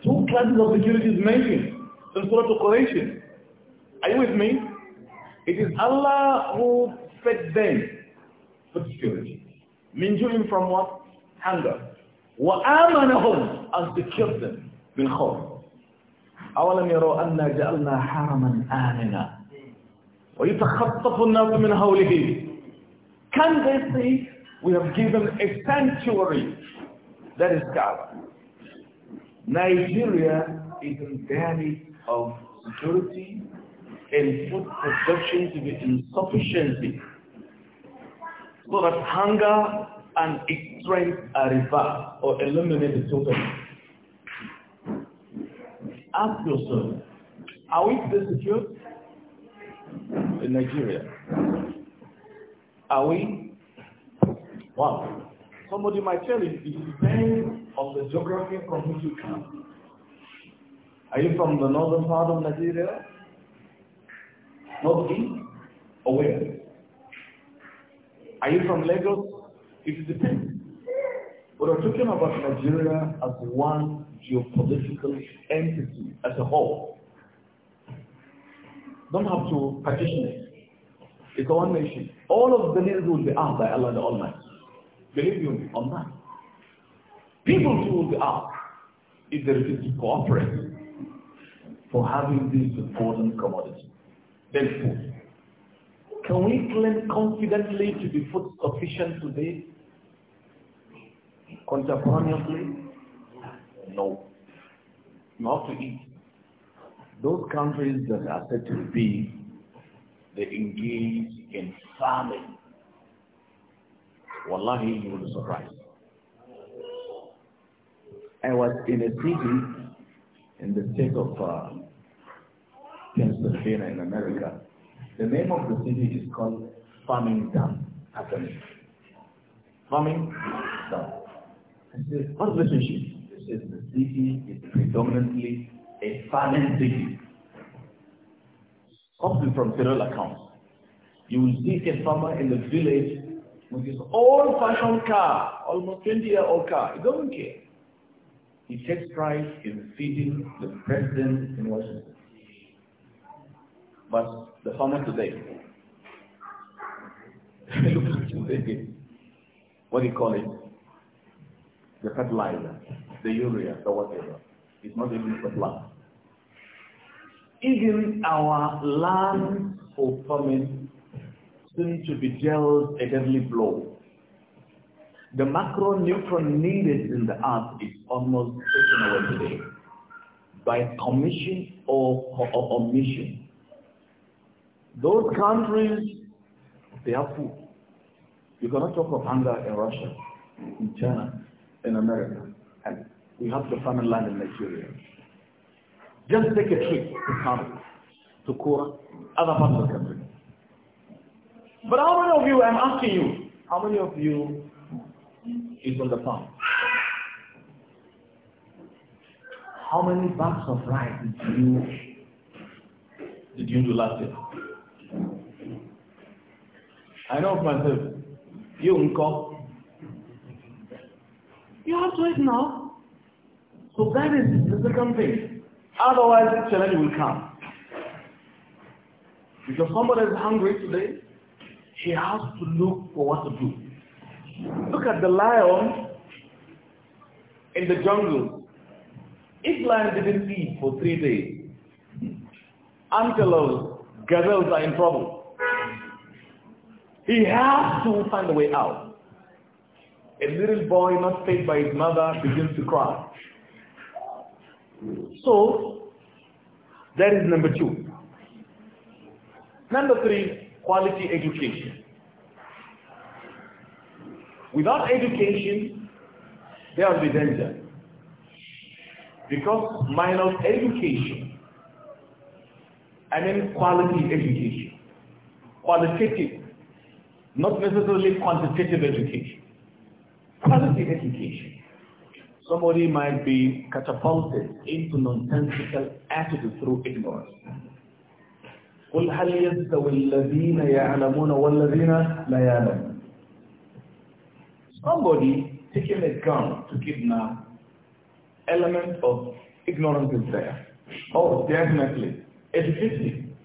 Two classes of security is mentioned in Surah Al-Quraysh. Are you with me? It is Allah who fed them for security. مِنْ جُوعٍ from what? Hunger. وَآمَنَهُمْ as secured them. مِنْ خَوْفٍ can they see we have given a sanctuary that is Kaaba? Nigeria is in danger of security and food production to be insufficiency so that hunger and extreme are reversed or eliminated totally. Ask yourself, are we destitute in Nigeria? Are we? Well, somebody might tell you, it depends on the geography from which you come. Are you from the northern part of Nigeria? East Or where? Are you from Lagos? It depends. But we're talking about Nigeria as one geopolitical entity as a whole. Don't have to partition it. It's one nation. All of the leaders will be asked by Allah the Almighty. Believe you Allah. People too will be asked if they refuse to cooperate for having this important commodity. Therefore, can we claim confidently to be food sufficient today? Contemporaneously? No. not to eat. Those countries that are said to be, they engage in farming. Wallahi, you will be surprised. I was in a city in the state of uh, Pennsylvania in America. The name of the city is called Farmington, Farming Farmington. I said, what relationship? says the city is predominantly a farming city. Something from federal accounts. You will see a farmer in the village with his old-fashioned car, almost 20-year-old car. He doesn't care. He takes pride in feeding the president in Washington. But the farmer today, what do you call it? The fertilizer the urea or whatever. It's not even the plant. Even our land for farming seems to be dealt a deadly blow. The macronutrient needed in the earth is almost taken away today by commission or, or omission. Those countries, they are food. You cannot talk of hunger in Russia, in China, in America. And we have the famine land in Nigeria. Just take a trip to Kano, to Kura, other parts of the country. But how many of you, I'm asking you, how many of you is on the farm? How many bags of rice did you did you do last year? I know myself. You uncle, you have to eat now. So that is the second thing. Otherwise, the challenge will come. Because somebody is hungry today, he has to look for what to do. Look at the lion in the jungle. If lion didn't eat for three days, antelope, gazelles are in trouble. He has to find a way out a little boy not fed by his mother begins to cry. So, that is number two. Number three, quality education. Without education, there will be danger. Because minus education, I mean quality education, qualitative, not necessarily quantitative education quality education. Somebody might be catapulted into nonsensical attitude through ignorance. قل هل يستوي الذين يعلمون والذين لا يعلمون Somebody taking a gun to kidnap element of ignorance is there. Oh, definitely. Educating.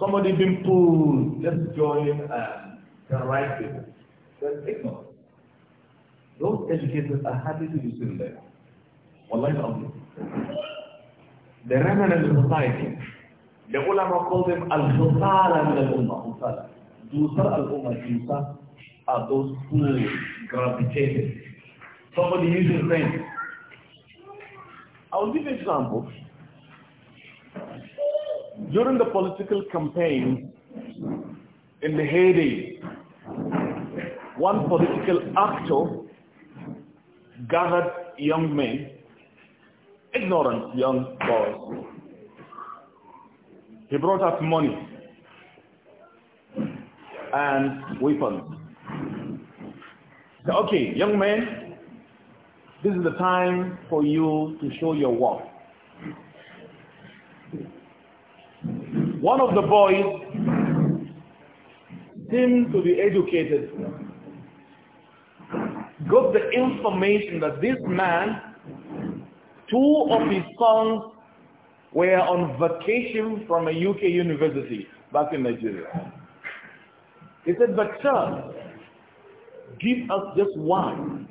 Somebody being pulled, just join uh, the right people. That's ignorance. Those educators are happy to be students there. Wallahi al The remnant of society, the ulama call them al-khusala min al-ummah, khusala. Dusar al-ummah, dusar are those who gravitated. Somebody using friends. I'll give you an example. During the political campaign, in the heyday, one political actor gathered young men, ignorant young boys. He brought up money and weapons. okay, young men, this is the time for you to show your work. One of the boys seemed to be educated got the information that this man, two of his sons were on vacation from a UK university back in Nigeria. He said, but sir, give us just one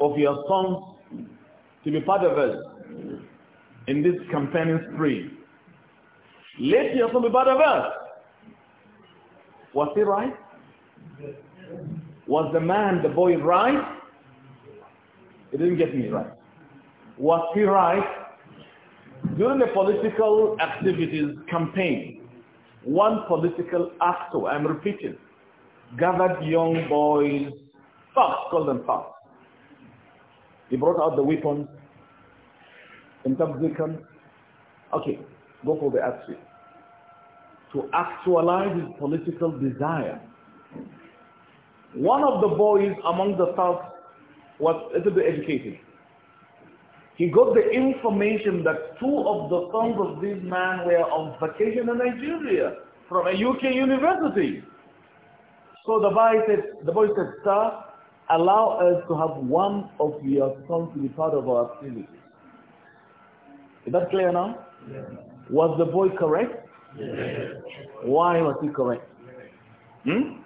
of your sons to be part of us in this campaigning spree. Let your son be part of us. Was he right? Was the man, the boy, right? He didn't get me right. Was he right? During the political activities campaign, one political actor, oh, I'm repeating, gathered young boys, thugs, call them thugs. He brought out the weapons, intoxicants. Okay, go for the action. To actualize his political desire, one of the boys among the thugs was a little bit educated. He got the information that two of the sons of this man were on vacation in Nigeria from a UK university. So the boy said, the boy said, sir, allow us to have one of your sons to be part of our activities. Is that clear now? Was the boy correct? Why was he correct? Hmm?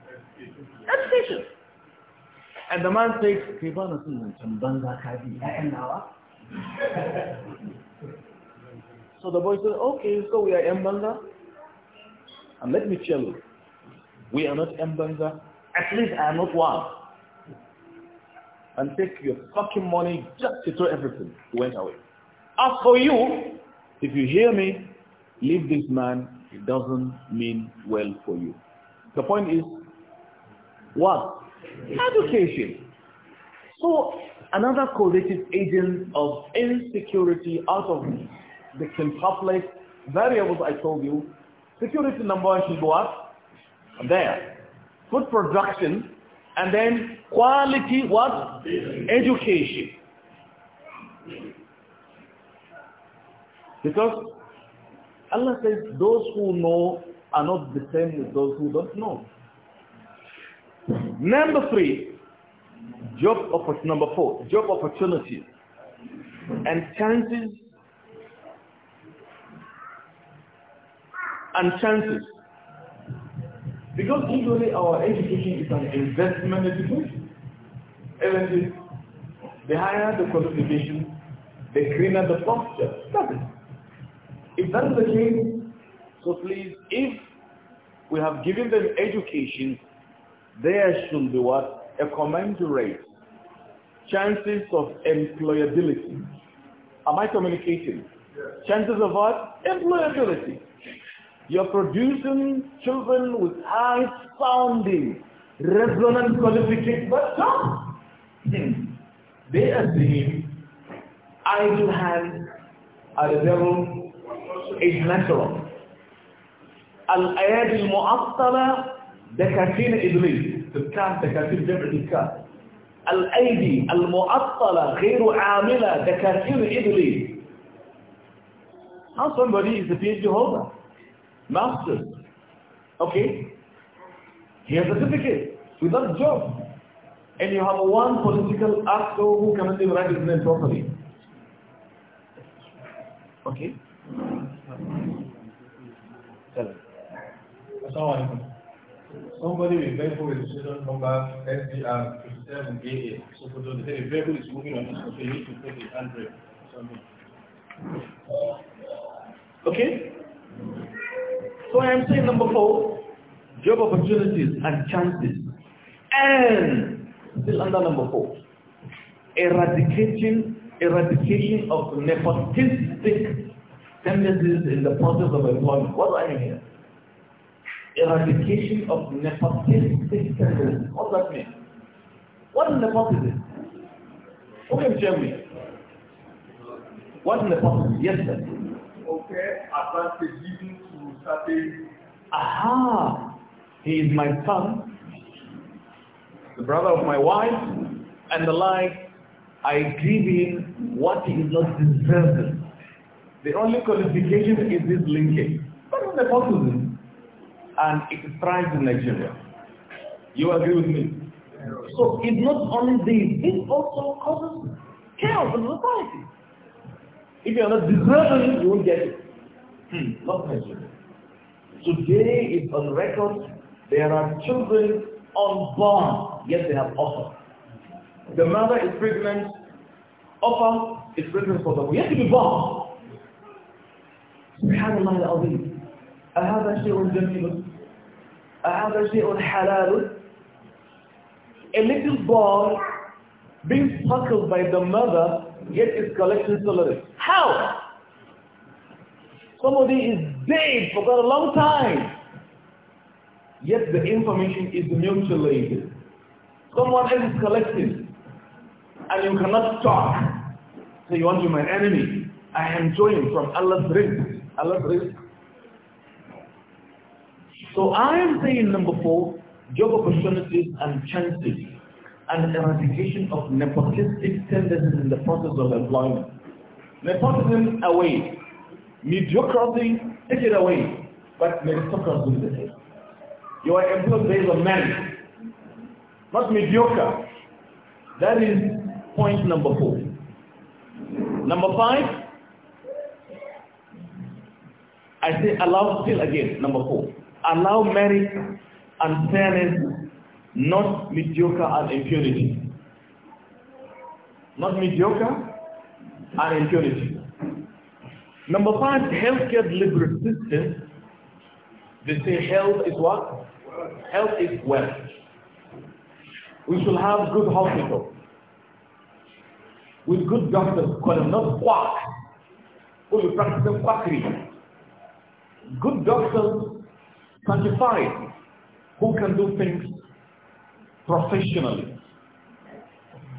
That's And the man says, "Kibana ba na So the boy says, okay, so we are ƴan banza? And let me tell you, we are not mbanga. At least I am not one. And take your fucking money just to throw everything. He went away. As for you, if you hear me, leave this man. It doesn't mean well for you. The point is, what? Education. So another correlative agent of insecurity out of the complex variables I told you, security number one should go up there. Food production and then quality what? Education. Because Allah says those who know are not the same as those who don't know. Number three, job opportunity. Number four, job opportunities and chances and chances. Because usually our education is an investment education. And the higher the qualification, the greener the posture. That's it. If that is the case, so please, if we have given them education, there should be what? A commensurate chances of employability. Am I communicating? Yes. Chances of what? Employability. You're producing children with high-sounding, resonant qualifications, but some they assume idle hands are the devil is natural. Al-ayad al-mu'attala دكاكين إبليس تذكار دكاكين جمع تذكار الأيدي المعطلة غير عاملة دكاكين إبليس How somebody is a PhD holder, master's, okay? He has a certificate without job. And you have one political actor who cannot even write his name properly. Okay? Tell him. Assalamu alaikum. Somebody with vehicle registration number SDR 27 aa So for those the vehicle is moving on this, so you need to put the handbrake Okay? So I am saying number four, job opportunities and chances. And still under number four, eradicating eradication of nepotistic tendencies in the process of employment. What do I mean here? eradication of nepotistic tendencies. What does that mean? What is nepotism? Who can tell me? What is nepotism? Yes, sir. Okay, advantage given to certain. Aha! He is my son, the brother of my wife, and the like. I give him what he is not deserving. The only qualification is this linking. What is nepotism? and it thrives in Nigeria. You agree with me? So it's not only this, it also causes chaos in society. If you're not deserving, you won't get it. Hmm, not Nigeria. Today is on record, there are children unborn, yet they have offer. The mother is pregnant, offer is pregnant for them, yet to be born. سبحان الله العظيم هذا شيء حلال a little boy being suckled by the mother yet is collecting salary how somebody is dead for a long time yet the information is mutilated someone else is collecting and you cannot talk so you want to be my enemy I am joined from Allah's risk Allah's risk so I am saying number four, job opportunities and chances and eradication of nepotistic tendencies in the process of employment. Nepotism away, mediocrity take it away, but meritocracy is same. You are employed based on merit, not mediocre. That is point number four. Number five, I say allow still again, number four allow merit and fairness, not mediocre and impunity. Not mediocre and impunity. Number five, healthcare delivery system. They say health is what? Health is wealth. We should have good hospitals with good doctors, call them not quack, who will practice quackery. Good doctors 25. Who can do things professionally?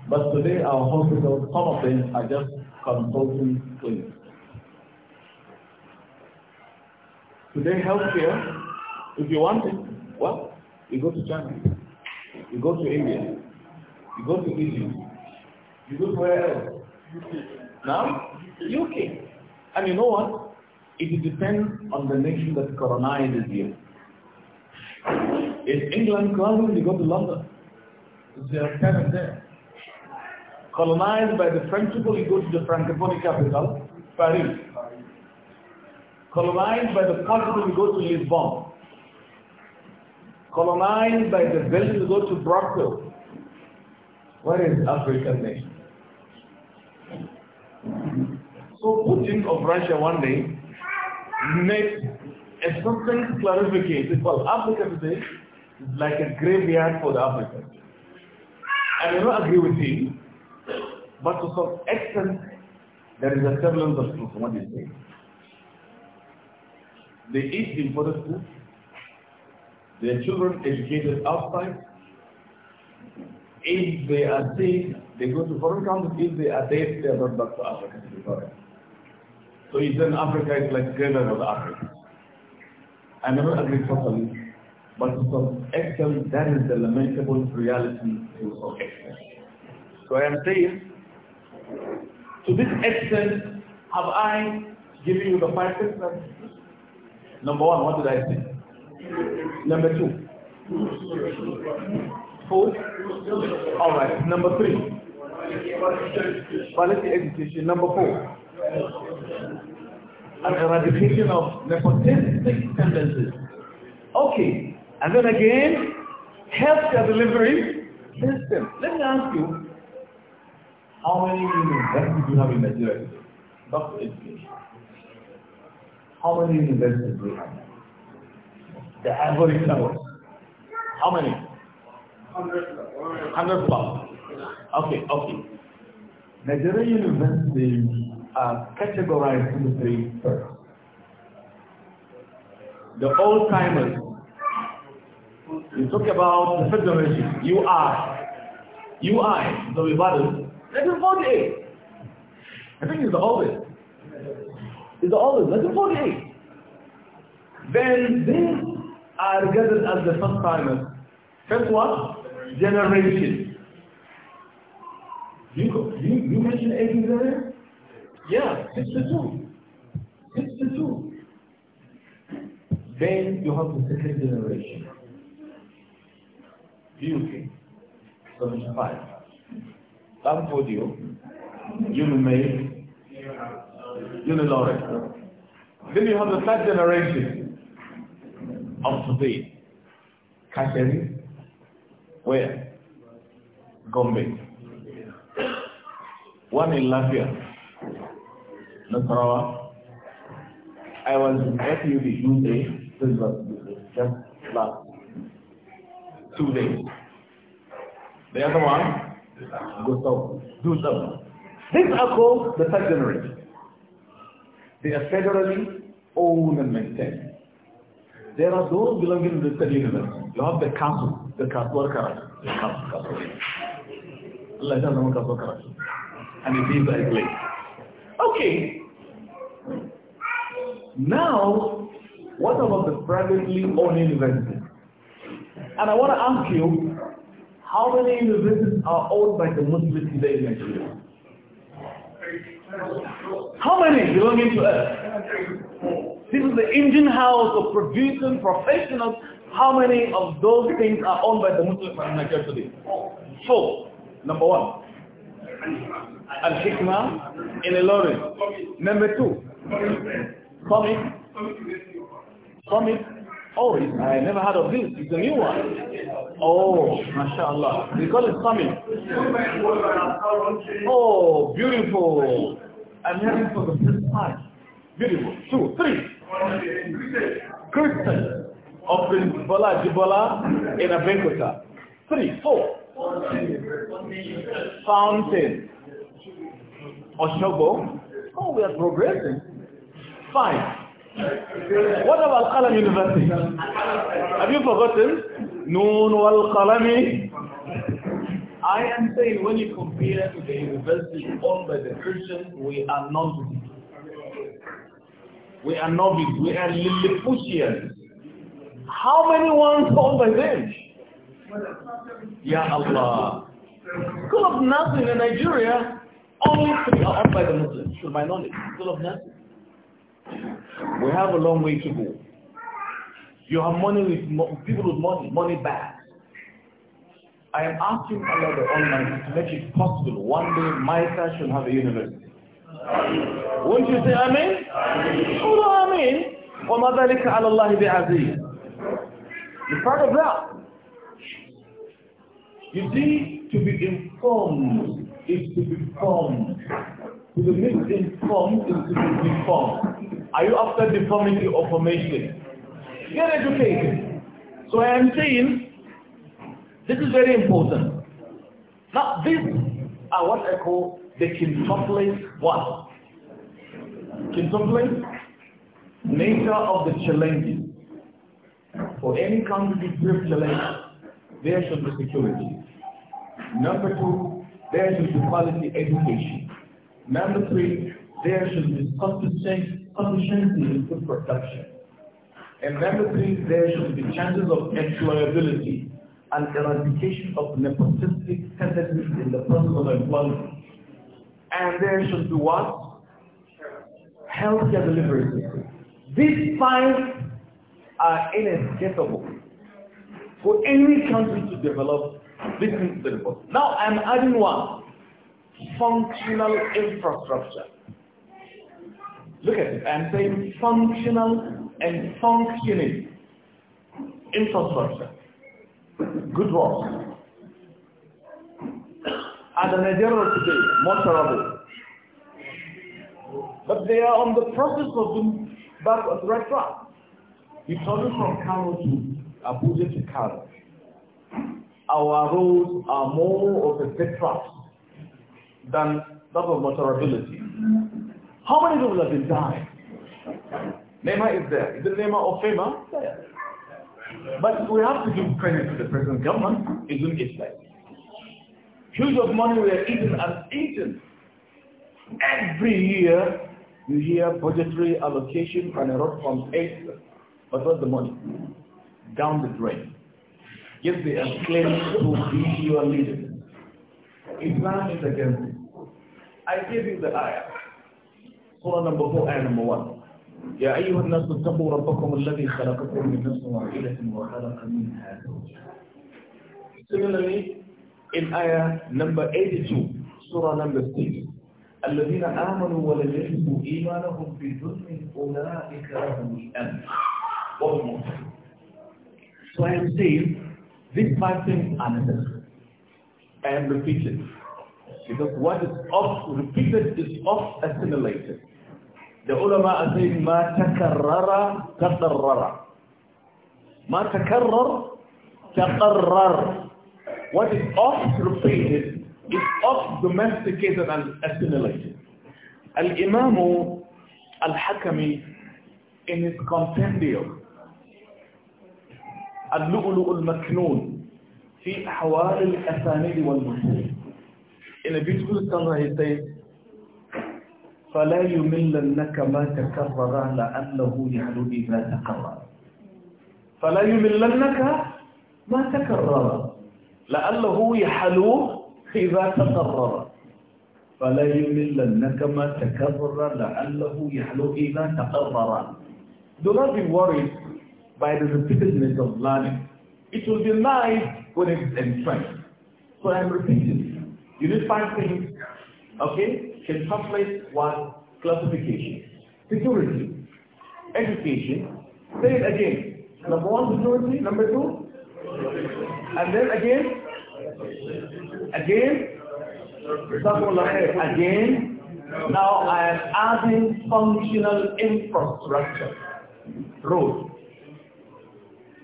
But today our hospitals, some of them are just consulting clinics. Today healthcare, if you want it, well, you go to China, you go to India, you go to Egypt, you go to where else? Now, UK. And you know what? It depends on the nation that colonizes you. In England colonized? you go to London. They are kind of there. Colonized by the French people, you go to the Francophone capital, Paris. Colonized by the Portugal, you go to Lisbon. Colonized by the Belgians, you go to Brussels. What is African nation? So Putin of Russia one day makes if something clarificates, well, Africa today is like a graveyard for the Africans. I may not agree with him, but to some extent, there is a semblance of truth in what he's saying. They eat imported food. Their children educated outside. If they are sick, they go to foreign countries. If they are dead, they are brought back to Africa So he Africa is like greater than Africa. I never agree totally, but to actually that is the lamentable reality to So I am saying, to this extent, have I given you the five principles? Number one, what did I say? Number two. Four. All right. Number three. Quality education. Number four. An eradication of nepotistic tendencies. Okay, and then again, healthcare delivery system. Let me ask you, how many universities do you have in Nigeria? Doctor education. How many universities do you have? The average number. How many? 100 plus. Okay, okay. Nigerian universities are um, categorized into three first. The old timers, you talk about the first generation, you are, you are, the rebuttal, 1948. I think it's the oldest. It's the oldest, 1948. Then these are regarded as the first timers. First what? Generation. you, you, you mentioned anything there? Yeah, the 62. Then you have the second generation. UK, 75. That told you, You Unimate, Unilore. Then you have the third generation of today. Kasheri, where? Gombe. One in Latvia, Nasarawa. I was at the Tuesday, this was just last two days. The other one, Gustav, Gustav. These are called the third generation. They are federally owned and maintained. There are those belonging to the university. You have the castle, the Kaswar Karachi, the castle. Allah us not castle Kaswar Karachi. And it is a Okay, now, what about the privately owned universities? And I want to ask you, how many universities are owned by the Muslims today in Nigeria? How many belonging to us? This is the engine house of producing professionals. How many of those things are owned by the Muslims in Nigeria today? Four. Number one. Al-Hikmah in Ilorin. Number two, Coming, coming, Oh, I never heard of this. It's a new one. Oh, mashallah. They call it Summit. Oh, beautiful. I'm hearing for the first time. Beautiful. Two, three. Christian of the Bola Jibola in Abekota. Three, four. Fountain. Oshogo. Oh, we are progressing. Fine. What about Al-Qalam University? Have you forgotten? Noon wal-Qalami. I am saying when you compare to the university owned by the Christians, we are novices. We are novices. We are Lilliputians. How many ones owned by them? Ya Allah. School of Nothing in Nigeria, only three are owned by the Muslims, to my knowledge. School of Nothing. We have a long way to go. You have money with people with money, money bags. I am asking Allah the Almighty to make it possible one day my son should have a university. Won't you say Amen? Sure, Amen. وما بِعَزِيزٍ You're part of that. You see, to be informed is to be formed to be informed is to be Are you after deformity or formation? Get educated. So I am saying, this is very important. Now these are what I call the quintuplet what? Quintuplet nature of the challenges. For any country to be challenge, there should be security. Number two, there should be quality education. Number three, there should be sufficient, sufficiency in production. And number three, there should be chances of employability and eradication of nepotistic tendencies in the process of employment. And there should be what? Healthcare delivery system. These five are inescapable for any country to develop. This is Now I'm adding one functional infrastructure. Look at it. I'm saying functional and functioning infrastructure. Good work. And the Nigerians today, most probably. But they are on the process of being back on the right track. We travel from Kano to Abuja to Kano. Our roads are more of a pit trap than that of vulnerability. How many people have been dying? NEMA is there. Is the NEMA of FEMA? There. But we have to give credit to the present government didn't get there. Huge of money we are eaten and eaten. Every year you hear budgetary allocation and a lot from eight, but what's the money? Down the drain. Yes, they are claiming to be your leaders. Islam is against it. I give you the ayah. Surah number 4, ayah number 1. يا أيها الناس اتقوا ربكم الذي خلقكم من نفس واحدة وخلق منها Similarly, in ayah number 82, surah number 6, الذين آمنوا ولم يلبسوا إيمانهم بظلم أولئك لهم الأمن more? So I am saying, these five things are necessary. I am repeating. Because what is oft repeated is oft assimilated. The ulama are saying, مَا تَكَرَّرَ تَقَرَّرَ مَا تَكَرَّرْ تَقَرَّرْ What is oft repeated is oft domesticated and assimilated. Al-Imam Al-Hakami in his compendium اللؤلؤ المكنون al أحوال الأسانيد والمسلمين In a beautiful sunrise he says, فَلَا يُمِلَّنَّكَ مَا تَكَرَّرَ لَأَنَّهُ يَحْلُو إِذَا تكرر فَلَا يُمِلَّنَّكَ مَا تَكَرَّرَ لَأَنَّهُ يَحْلُو إِذَا تكرر فَلَا يُمِلَّنَّكَ مَا تَكَرَّرَ لَأَنَّهُ يَحْلُو إِذَا تكرر Do not be worried by the repetitiveness of learning. It will be nice when it's is entrenched. So I'm repeating it. You things, okay, can translate one classification. Security, education, say it again. Number one, security. Number two, and then again, again, again. Now I am adding functional infrastructure, road,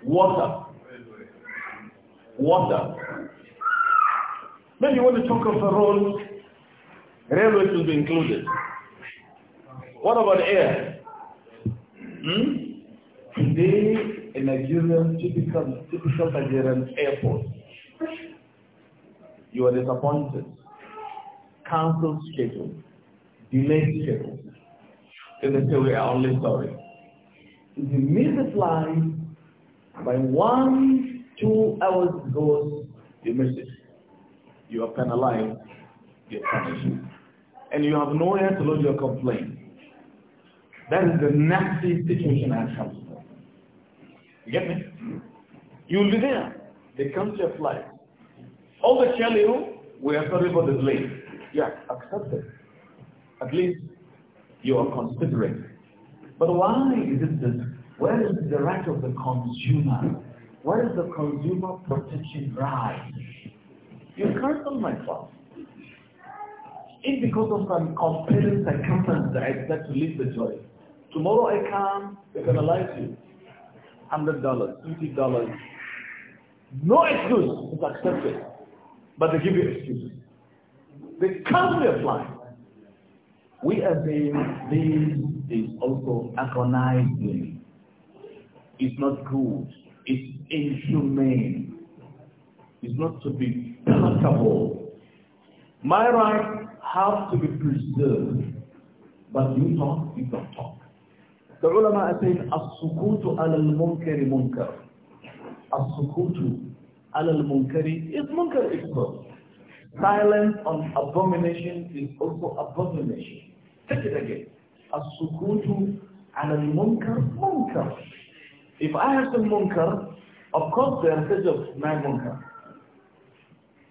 water, water, then you want to talk of the road, Railways will be included. What about air? Hmm? Today, in Nigeria, typical, typical Nigerian airport, you are disappointed. Council schedule, delayed schedule. And they say, we are only sorry. If you miss the flight by one, two hours goes, you miss it you are penalized, you are punished. And you have nowhere to lodge your complaint. That is the nasty situation I have to You get me? You'll be there. They come to your flight. All they tell you, we are sorry for the delay. Yeah, accept it. At least you are considerate. But why is it this? Where is the right of the consumer? Where is the consumer protection right? You cancel my fast. If because of some compelling circumstance that I expect to leave the joy, tomorrow I come, they're going to lie to you. $100, $50. No excuse is accepted, but they give you excuses. They cancel your plan. We are saying this is also agonizing. It's not good. It's inhumane is not to be palatable. My rights have to be preserved, but you talk, you don't talk. The ulama are as-sukutu al-munkari munkar. As-sukutu al-munkari is munkar itself. Silence on abomination is also abomination. Take it again. As-sukutu ala al-munkar munkar. If I have some munkar, of course there are such of my munkar.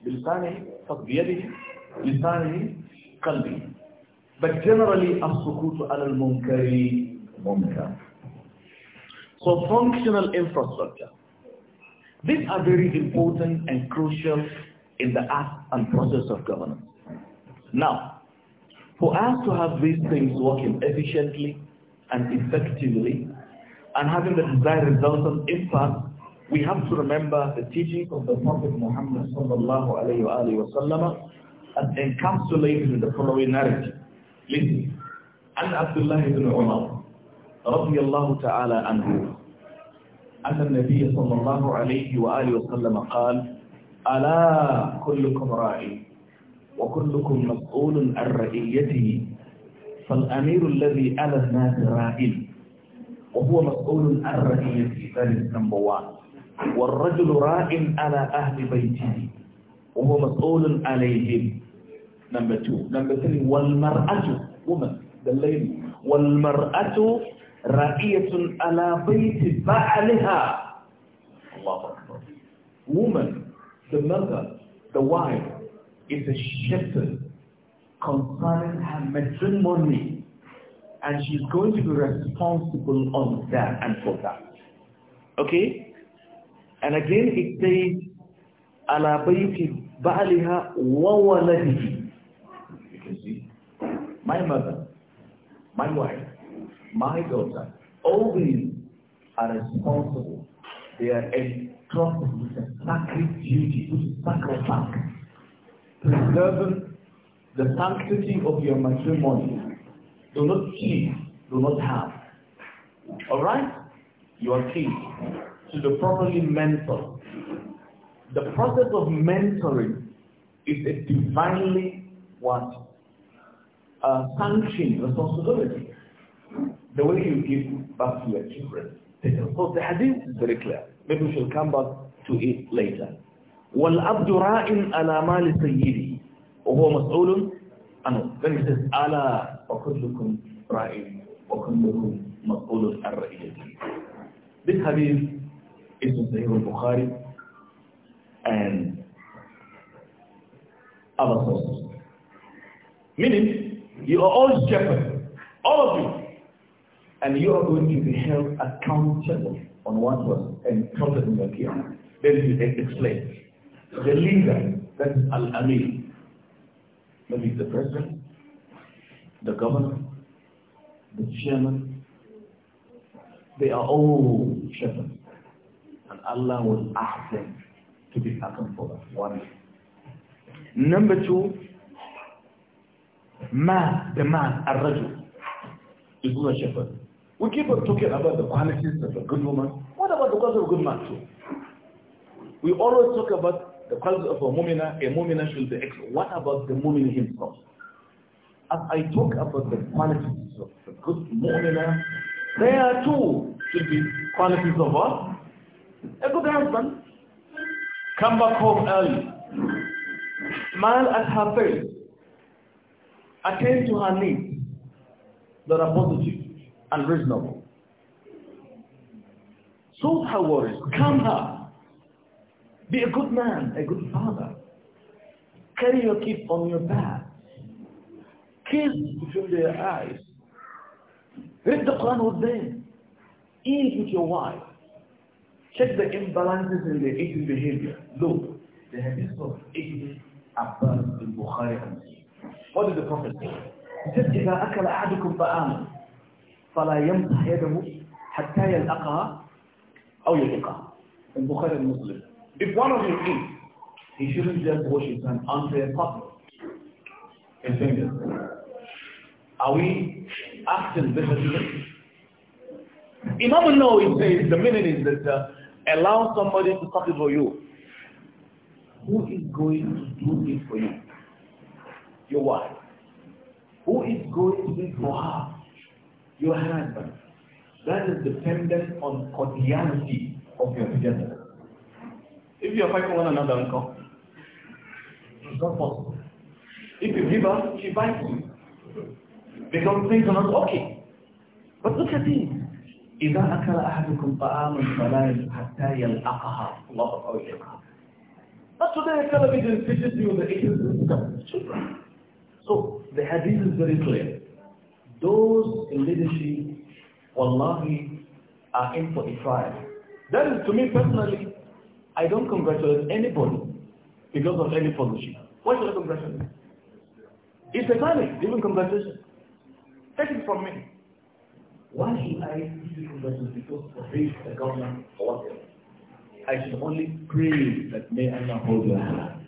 بلسانه قد بيده لسانه قلبه But generally, السكوت على المنكر منكر. So functional infrastructure. These are very important and crucial in the act and process of governance. Now, for us to have these things working efficiently and effectively and having the desired results and impact, we have to remember the teachings of the Prophet Muhammad sallallahu alayhi wa alayhi wa sallam and encapsulated in the following narrative. Listen. An Abdullah ibn Umar رضي الله تعالى عنه أن النبي صلى الله عليه وآله وسلم قال ألا كلكم راعي وكلكم مسؤول عن رعيته فالأمير الذي على الناس راعي وهو مسؤول عن رعيته ذلك number one والرجل راع على أهل بيته وهو مسؤول عليهم number two number three والمرأة woman the lady والمرأة رائية على بيت بعلها الله أكبر woman the mother the wife is a shepherd concerning her matrimony and she's going to be responsible on that and for that okay and again it says, ala bayti ba'liha wa waladihi. You can see, my mother, my wife, my daughter, all these are responsible. They are entrusted with a sacred duty, to is sacrifice, preserving the sanctity of your matrimony. Do not cheat, do not have. Alright? You are free to the properly mentor, The process of mentoring is a divinely what? Uh, sanctioned responsibility. The way you give back to your children. So the hadith is very clear. Maybe we shall come back to it later. وَالْعَبْدُ رَاءٍ عَلَى مَالِ سَيِّدِهِ وَهُوَ مَسْئُولٌ and Then he says, أَلَا وَكُلُّكُمْ رَاءٍ وَكُلُّكُمْ مَسْئُولٌ عَنْ رَئِيَتِهِ This hadith it's in Sahih al-Bukhari and other sources. Meaning, you are all shepherds, all of you, and you are going to be held accountable on what was and counted in the kiyama. Then you explain. The leader, that is amin maybe the president, the governor, the chairman, they are all shepherds and Allah will ask them to be accounted for that. One. Number two, man, the man, al-rajul, is not a shepherd. We keep on talking about the qualities of a good woman. What about the qualities of a good man too? We always talk about the qualities of a mumina. A mumina should be excellent. What about the mumina himself? As I talk about the qualities of a good mumina, there too should be qualities of what? A good husband. Come back home early. Smile at her face. Attend to her needs that are positive and reasonable. Solve her worries. Calm her. Be a good man, a good father. Carry your kid on your back. Kiss between their eyes. Read the Quran with them. Eat with your wife. Check the imbalances in the eating behavior. Look, the habits of eating are banned in Bukhari and What did the Prophet say? He said, إِذَا أَكَلَ أَحَدُكُمْ طَعَامًا فَلَا يَمْسَحْ يَدَهُ حَتَّى يَلْأَقَهَا أَوْ يَلْقَهَا In Bukhari and Muslim. If one of you eats, he shouldn't just wash his hands until a puppet. And fingers. Are we acting this Imam al-Nawawi says the meaning is that uh, allow somebody to stop it for you, who is going to do it for you? Your wife. Who is going to do it for her? Your husband. That is dependent on cordiality of your together. If you are fighting one another, uncle, it's not possible. If you give up, she bites you. Because things are not okay. But look at this. إذا أكل أحدكم طعاما فلا حتى يلحقها الله أو يلحقها Not today television teaches the children. So the hadith is very clear. Those in leadership, wallahi, are in for a trial. That is to me personally, I don't congratulate anybody because of any position. Why should I congratulate? It's a family, even congratulations. Take it from me. Why I these investments? Because of this, the government or whatever. I should only pray that may Allah hold your hand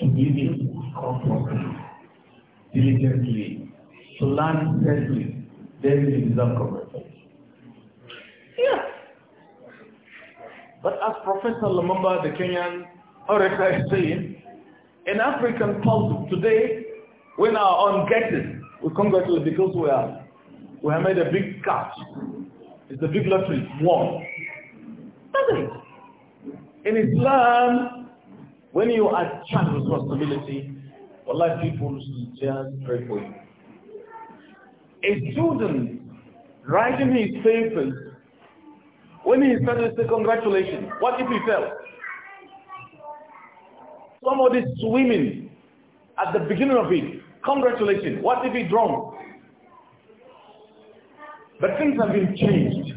to give it comfortably, diligently, to learn safely, then you deserve comfort. Yeah. But as Professor Lumumba, the Kenyan orator, is saying, in African culture today, we are on get we congratulate because we are we have made a big catch. It's a big lottery. One. That's it. In Islam, when you are charged with responsibility, Allah people just pray for you. A student writing his papers, when he started to say congratulations, what if he fell? Somebody swimming at the beginning of it, congratulations, what if he drowned? But things have been changed.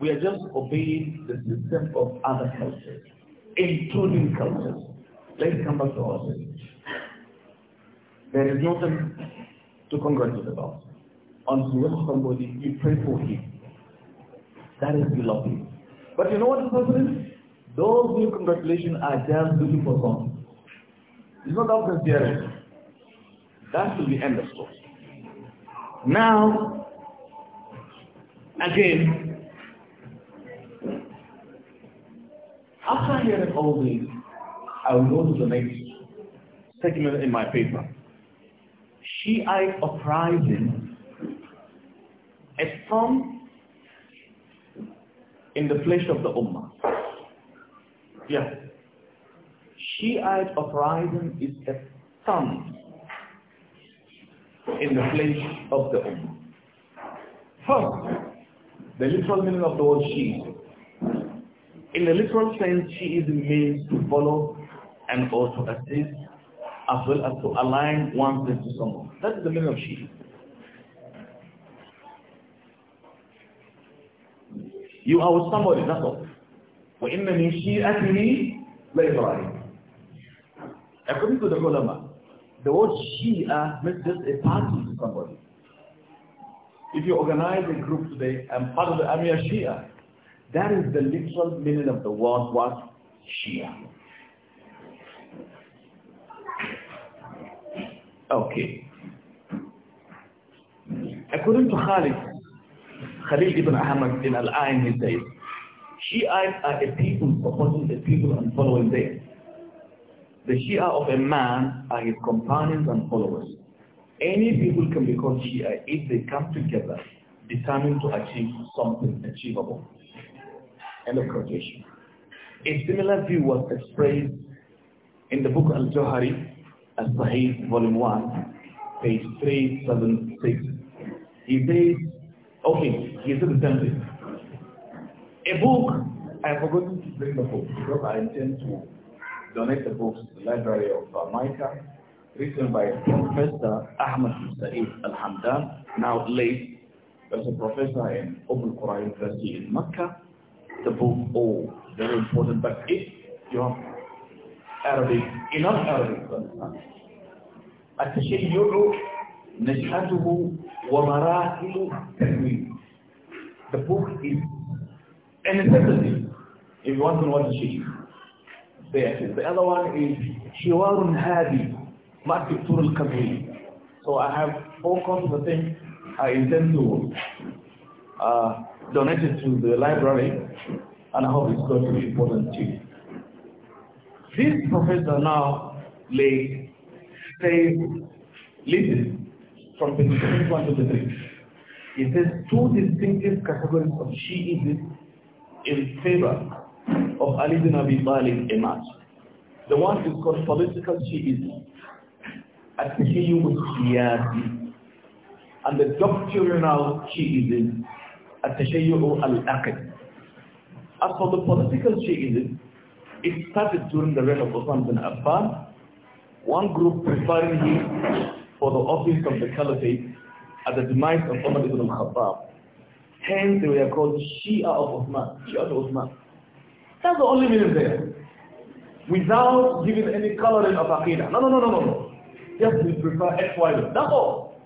We are just obeying the system of other cultures, including cultures. Let's come back to ourselves. There is nothing to congratulate about. Until you somebody, you pray for him. That is beloved. But you know what the person is? Those new congratulations are just looking for something. It's not about sincerity. That should be end of story. Now, Again, after hearing all these, I will go to the next segment in my paper. Shiite uprising, a storm in the flesh of the Ummah. Yeah. Shiite uprising is a thumb in the flesh of the Ummah. First, the literal meaning of the word she. In the literal sense, she is means to follow and also assist as well as to align oneself to someone. That is the meaning of she. You are with somebody, that's all. وَإِنَّ مِنْ لَإِبْرَاهِيمَ According to the ulama, the word Shia means just a party to somebody. If you organize a group today, I'm part of the Amir Shia. That is the literal meaning of the word what? Shia. Okay. According to Khalid, Khalid ibn Ahmad in Al-Ain, he says, Shiites are a people supporting the people and following them. The Shia of a man are his companions and followers. Any people can be called if they come together determined to achieve something achievable. End of quotation. A similar view was expressed in the book Al-Johari, al sahid Volume 1, page 376. He says, okay, he said the same thing. A book, I forgot to bring the book because I intend to donate the books to the library of uh, Micah written by Professor Ahmad Sa'id Al-Hamdan, now late as a professor in Open umm Quran University in Mecca. The book, oh, very important, but if you have Arabic, enough Arabic to understand. التشيع نشأته ومراحل تكوينه. The book is a necessity if you want to know what the is. There. The other one is حوار هادي Mad Diktur al So I have all kinds of things I intend to uh, donate it to the library and I hope it's going to be important to you. This professor now, late, says, listen, from 21 to 23. He says two distinctive categories of Shiism in favor of Ali bin Abi Talib emerged. The one is called political Shiism, التشيع السياسي and the doctrinal Shiism al-Aqid. As for the political Shiism, it started during the reign of Osman bin Affan, one group preparing him for the office of the caliphate at the demise of Umar ibn al-Khattab. Hence they were called Shia of Osman, Shia of Osman. That's the only meaning there. Without giving any coloring of Aqidah. No, no, no, no, no. Just we prefer X, Y, Z. That's all.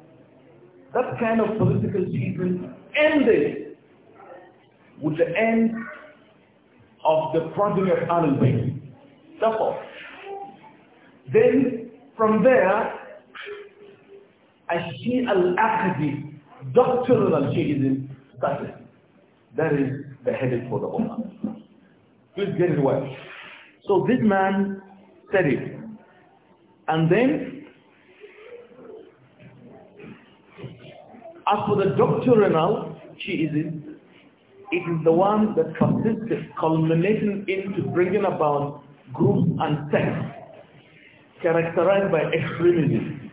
That kind of political season ended with the end of the project of Allenby. That's all. Then, from there, I see al-Aqdi, doctoral al-Shi'ism started. That is the heading for the Ummah. Please get it well. So this man said it. And then As for the doctrinal Shiism, it is the one that persisted, culminating into bringing about groups and sects characterized by extremism.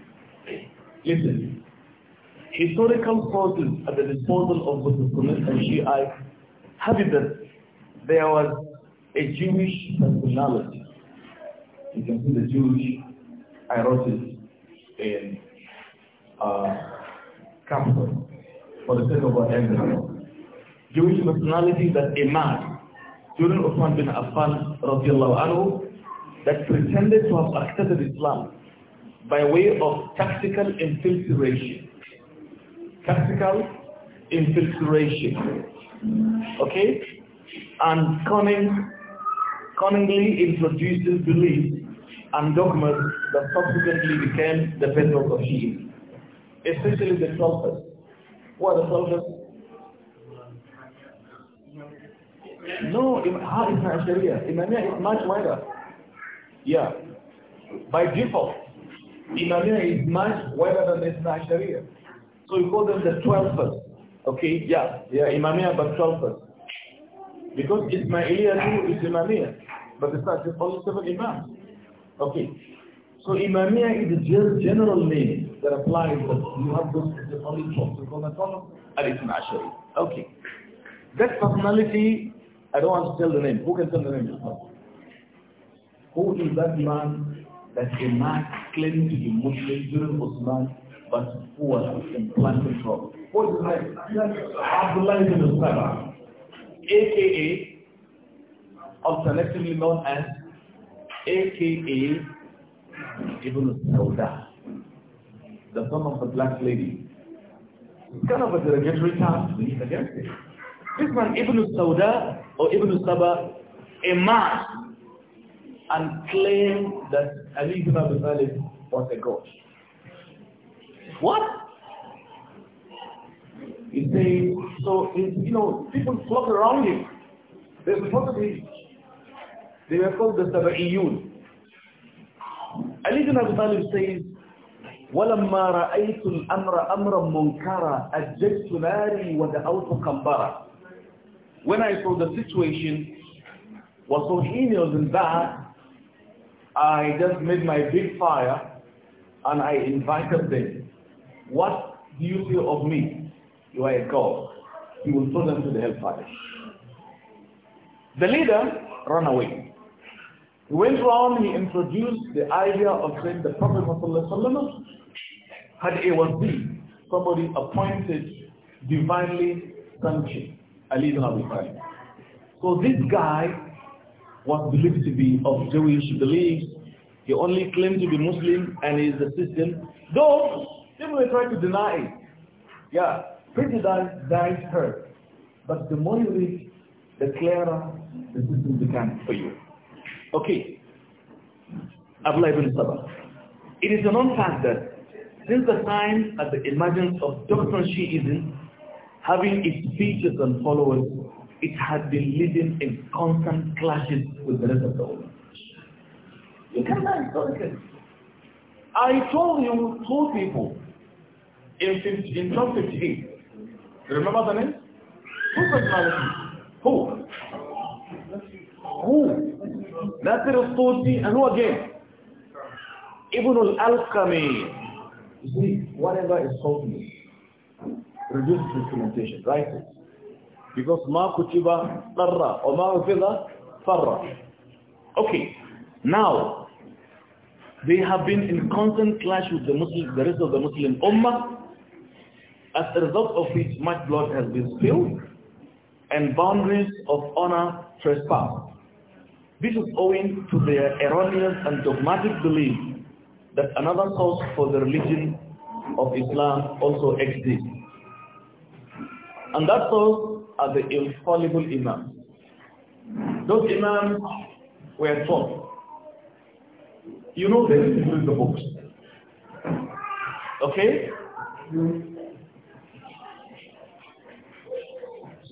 Listen, historical forces at the disposal of both Sunnis and Shiites have it that there was a Jewish personality. You can see the Jewish I wrote it in uh, capital for the sake of our example. Jewish nationality that emerged during Uthman bin Affan anhu, that pretended to have accepted Islam by way of tactical infiltration. Tactical infiltration. Okay? And cunning, cunningly introduces beliefs and dogmas that subsequently became the bedrock of Shiism especially the sulfurs. What are the sulfurs? No, how ah, is not Sharia? Imamiyah is much wider. Yeah. By default, Imamiyah is much wider than Isna Sharia. So we call them the twelfers. Okay, yeah, yeah, Imamiyah but twelfers. Because Ismailiyah too is Imamiyah, but it's not just only seven imams. Okay. So Imamiyah is just general name that applies that you have those personality forms. al Okay. That personality, I don't want to tell the name. Who can tell the name? Who is that man that a man claim to be Muslim during Osman, but who was in plant Who is What is that? Abdullah ibn Usama, aka alternatively known as aka Ibn Saudah the son of the black lady. It's kind of a derogatory term to use against This man, Ibn Sauda or Ibn Saba, a man, and claim that Ali ibn Abi Talib was a god. What? He says, so, it, you know, people flock around him. They supported him. They were called the Saba'iyyun. Ali ibn Abi Talib says, ولما رأيت الأمر أمرا منكرا أجدت ناري ودعوت قنبرا When I saw the situation was so heinous and bad, I just made my big fire and I invited them. What do you feel of me? You are a god. He will throw them to the hellfire. The leader ran away. He went around, he introduced the idea of saying the Prophet had a wasi, somebody appointed divinely sanctioned, Ali ibn Abi Talib. So this guy was believed to be of Jewish beliefs. He only claimed to be Muslim and is a Christian. Though, people were trying to deny it. Yeah, prejudice dies hurt. But the more you read, the clearer the system becomes for you. Okay. Abdullah ibn Sabah. It is a known fact that since the time of the emergence of Dr. Shiism, having its features and followers, it has been living in constant clashes with the rest of the world. You cannot I told you two people in, 50, Remember the name? Two personalities. Who? Who? Nasir al and who again? Ibn al-Alqami. You see, whatever is holding, reduce documentation, write it. Because ma kutiba or ma farra. Okay, now, they have been in constant clash with the Muslim, the rest of the Muslim Ummah, as a result of which much blood has been spilled, and boundaries of honor trespassed. This is owing to their erroneous and dogmatic belief that another source for the religion of Islam also exists. And that source are the infallible imams. Those imams were taught. You know them in the books. Okay?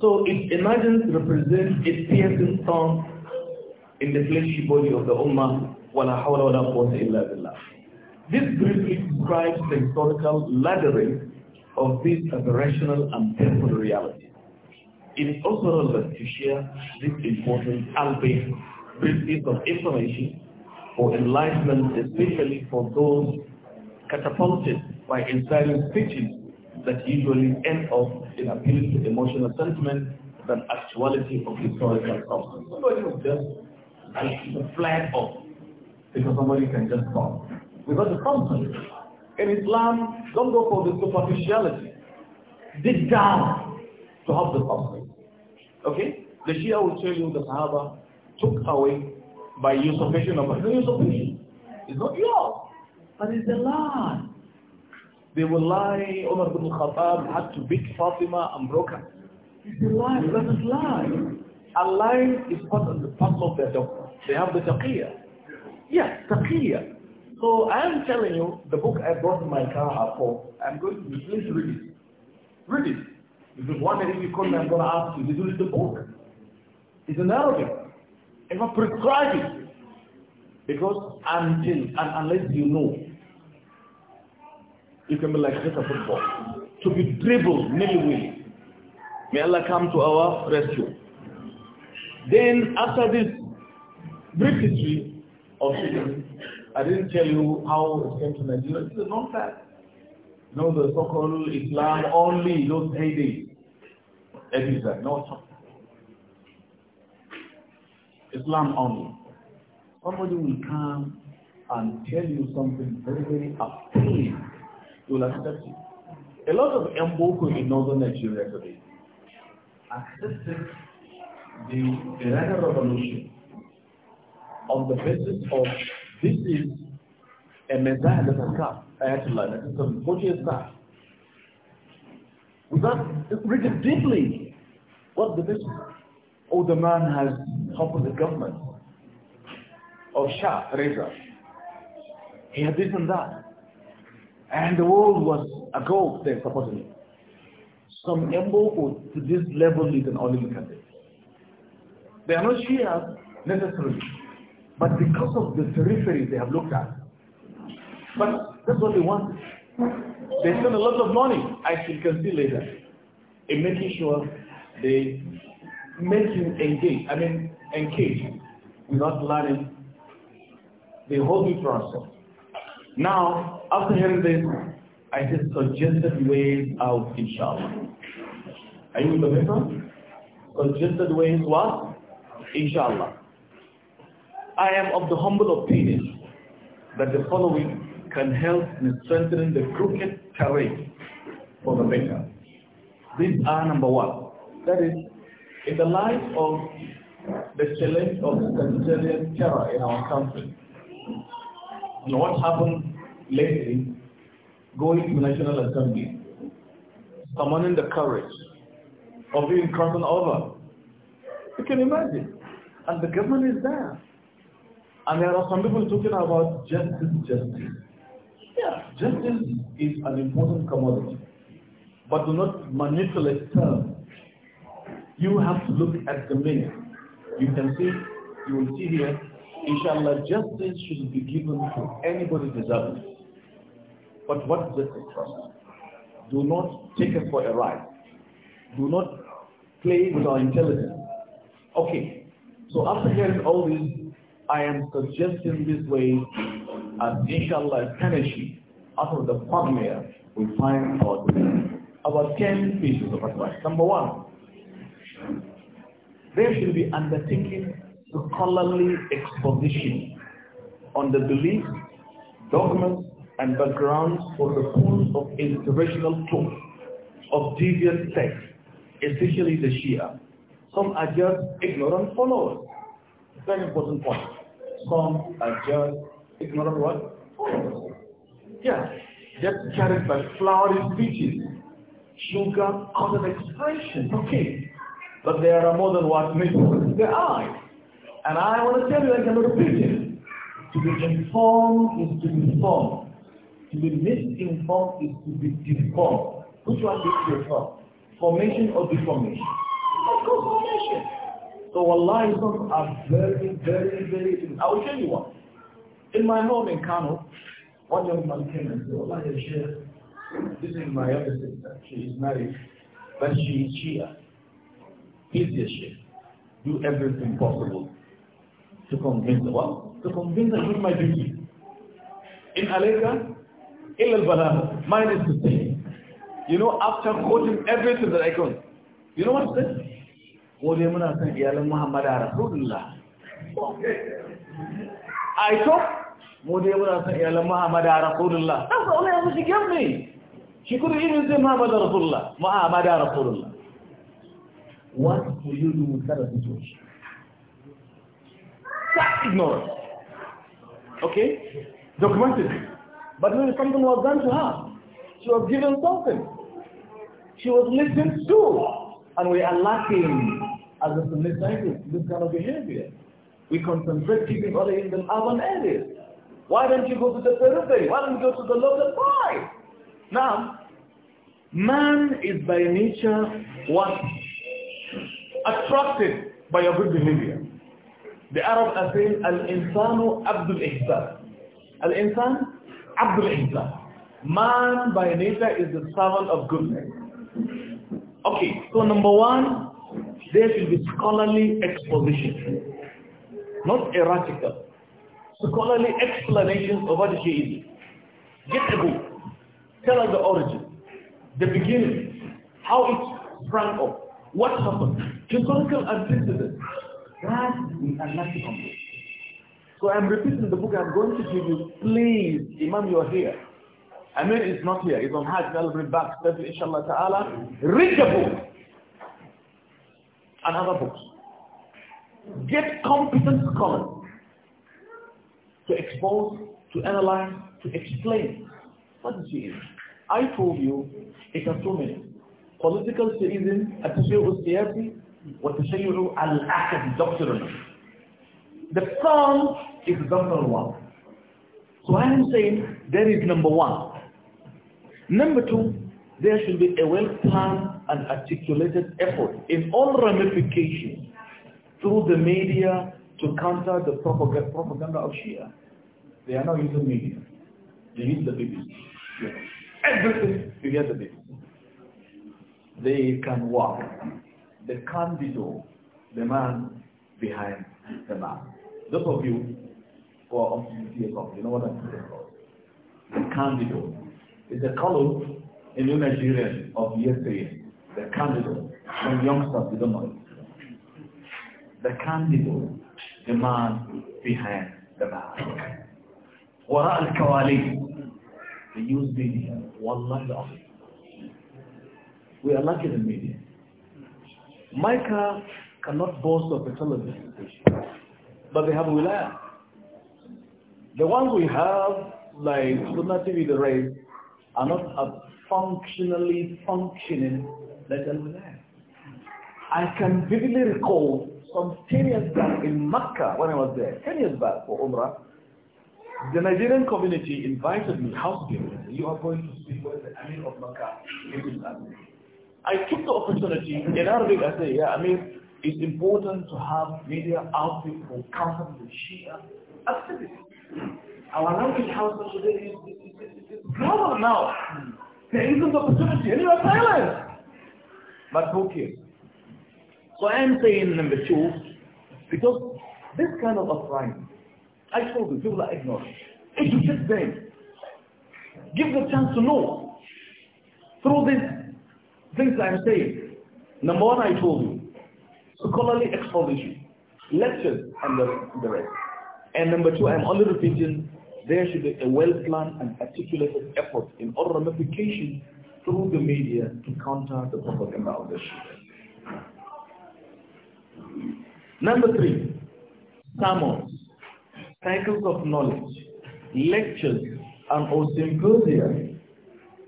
So Imams represent represents a piercing thorn in the fleshy body of the Ummah. وَلَا حَوْلَ وَلَا illa billah. This briefly describes the historical laddering of this aberrational and temporal reality. It is also relevant to share this important, albeit brief piece of information for enlightenment, especially for those catapulted by inspiring speeches that usually end up in appealing to emotional sentiment than actuality of historical substance. Somebody will just flag off because somebody can just talk without the substance. In Islam, don't go for the superficiality. Dig down to have the substance. Okay? The Shia will tell you the Sahaba took away by usurpation of no usurpation. It's not yours, but it's the lie. They will lie, the ibn Khattab had to beat Fatima and broke her. It's a lie, that is lie. A lie is part of the part of their doctrine. They have the taqiyya. Yes, yeah, so I am telling you, the book I brought in my car at for, I'm going to please read it. Read it. Because one day you call me, I'm going to ask you, did you read the book? It's an Arabic. If I prescribe it, because until and unless you know, you can be like just a football. To be dribbled nilly May Allah come to our rescue. Then after this brief history of Satan, I didn't tell you how it came to Nigeria. This is not fact. You know, the so-called Islam only those eight days. Everywhere, no Islam only. Somebody will come and tell you something very, very appealing. You will accept it. A lot of Mboko in northern Nigeria today accepted the Iranian revolution on the basis of this is a Messiah that has come, Ayatollah, that is some 40 years back. Without reading deeply what the message Oh, the man has helped the government of Shah, Reza. He had this and that. And the world was agog then, supposedly. Some embargo to this level is an only look at it. They are not Shia necessarily. But because of the periphery they have looked at. But that's what they want. They spend a lot of money, as you can see later, in making sure they make you engage, I mean, engage without learning the whole new process. Now, after hearing this, I just suggested ways out, inshallah. Are you with the Suggested ways what? Inshallah. I am of the humble opinion that the following can help in strengthening the crooked terrain for the better. These are number one. That is, in the light of the challenge of sectarian terror in our country, and what happened lately, going to National Assembly, summoning the courage of being crossing over. You can imagine. And the government is there. And there are some people talking about justice, justice. Yeah, justice is an important commodity, but do not manipulate terms. You have to look at the meaning. You can see, you will see here, inshallah, justice should be given to anybody deserving. But what is justice trust? Do not take it for a ride. Do not play with our intelligence. Okay, so after hearing all these. I am suggesting this way as inshallah energy out of the formula we find our good. About 10 pieces of advice. Number one, there should be undertaking scholarly exposition on the beliefs, documents, and backgrounds for the pools of inspirational talk of deviant sects, especially the Shia. Some are just ignorant followers very important point. Some are just ignorant what? Yeah, just carried by flowery speeches, sugar out of expression. Okay, but there are more than what meets the eye. And I want to tell you, I can repeat it. To be informed is to be informed. To be misinformed is to be deformed. Which one is your thought? Formation or deformation? Of course, formation. So wallahi, some are very, very, very, I will show you one. In my home in Kano, one young man came and said, Wallahi, Sheikh, this is my other sister. She is married, but she is Shia. He's is Sheikh. Do everything possible to convince her. Well, to convince her is my duty. In Aleka, in al-balagh. Mine is the same. You know, after quoting everything that I can, you know what I said? ko muna son iyalan muhammadu rasulullah aito mu dai muna son iyalan muhammadu rasulullah ɗansa wani yanzu shi kyan shi kudu irin zai muhammadu rasulullah muhammadu rasulullah what do you do with that situation stop ignorance okay documented but when something was done to her she was given something she was listened to and we are lacking as a this kind of behavior. We concentrate keeping only in the urban areas. Why don't you go to the periphery? Why don't you go to the local side? Now, man is by nature what? Attracted by your good behavior. The Arab are saying, Al-insanu abdul ihsan. Al-insan abdul ihsan. Man by nature is the servant of goodness. Okay, so number one, there should be scholarly exposition, not erratical. Scholarly explanations of what is. Get the book. Tell us the origin, the beginning, how it sprang up, what happened, historical antecedents. That we are lacking on this. So I'm repeating the book I'm going to give you. Please, Imam, you are here. Amir is not here. He's on Hajj. I'll bring back. Inshallah ta'ala. Read the book and other books. Get competent scholars to expose, to analyze, to explain what is it? I told you it has two many. Political theism, التشيع السياسي والتشيع العقدي doctrine. The third is the one. So I am saying there is number one. Number two, there should be a well-planned and articulated effort in all ramifications through the media to counter the propaganda of Shia. They are now using media. They use the BBC. Yeah. Everything, you get the BBC. They can walk the candido, the man behind the man. Those of you who are of sincere you know what I'm talking about. The candidate is a column in the Nigerian of yesterday. The candidate, from youngsters, they don't know it. The candidate, the man behind the mask. وراء الكواليس. The news media. والله العظيم. We are lucky in media. Micah cannot boast of a television station, but they have wilaya. The ones we have, like Sunna TV, the race, are not a functionally functioning let them relax. I can vividly recall some 10 years back in Mecca when I was there, 10 years back for Umrah, the Nigerian community invited me, house you are going to speak with the Amir of Makkah. I took the opportunity, in Arabic I say, yeah, I mean, it's important to have media outfit for counter the Shia activists. Our language house today is, is, is, is, global now. There isn't opportunity, and you but who cares? So I'm saying number two, because this kind of uprising, I told you, people are ignorant. Educate them. Give them a chance to know through these things I'm saying. Number one, I told you, scholarly exposition, lectures, and the, the rest. And number two, I'm only repeating, there should be a well-planned and articulated effort in all ramifications through the media to counter the propaganda of the Shia. Number three, seminars, cycles of knowledge, lectures, and or symposia,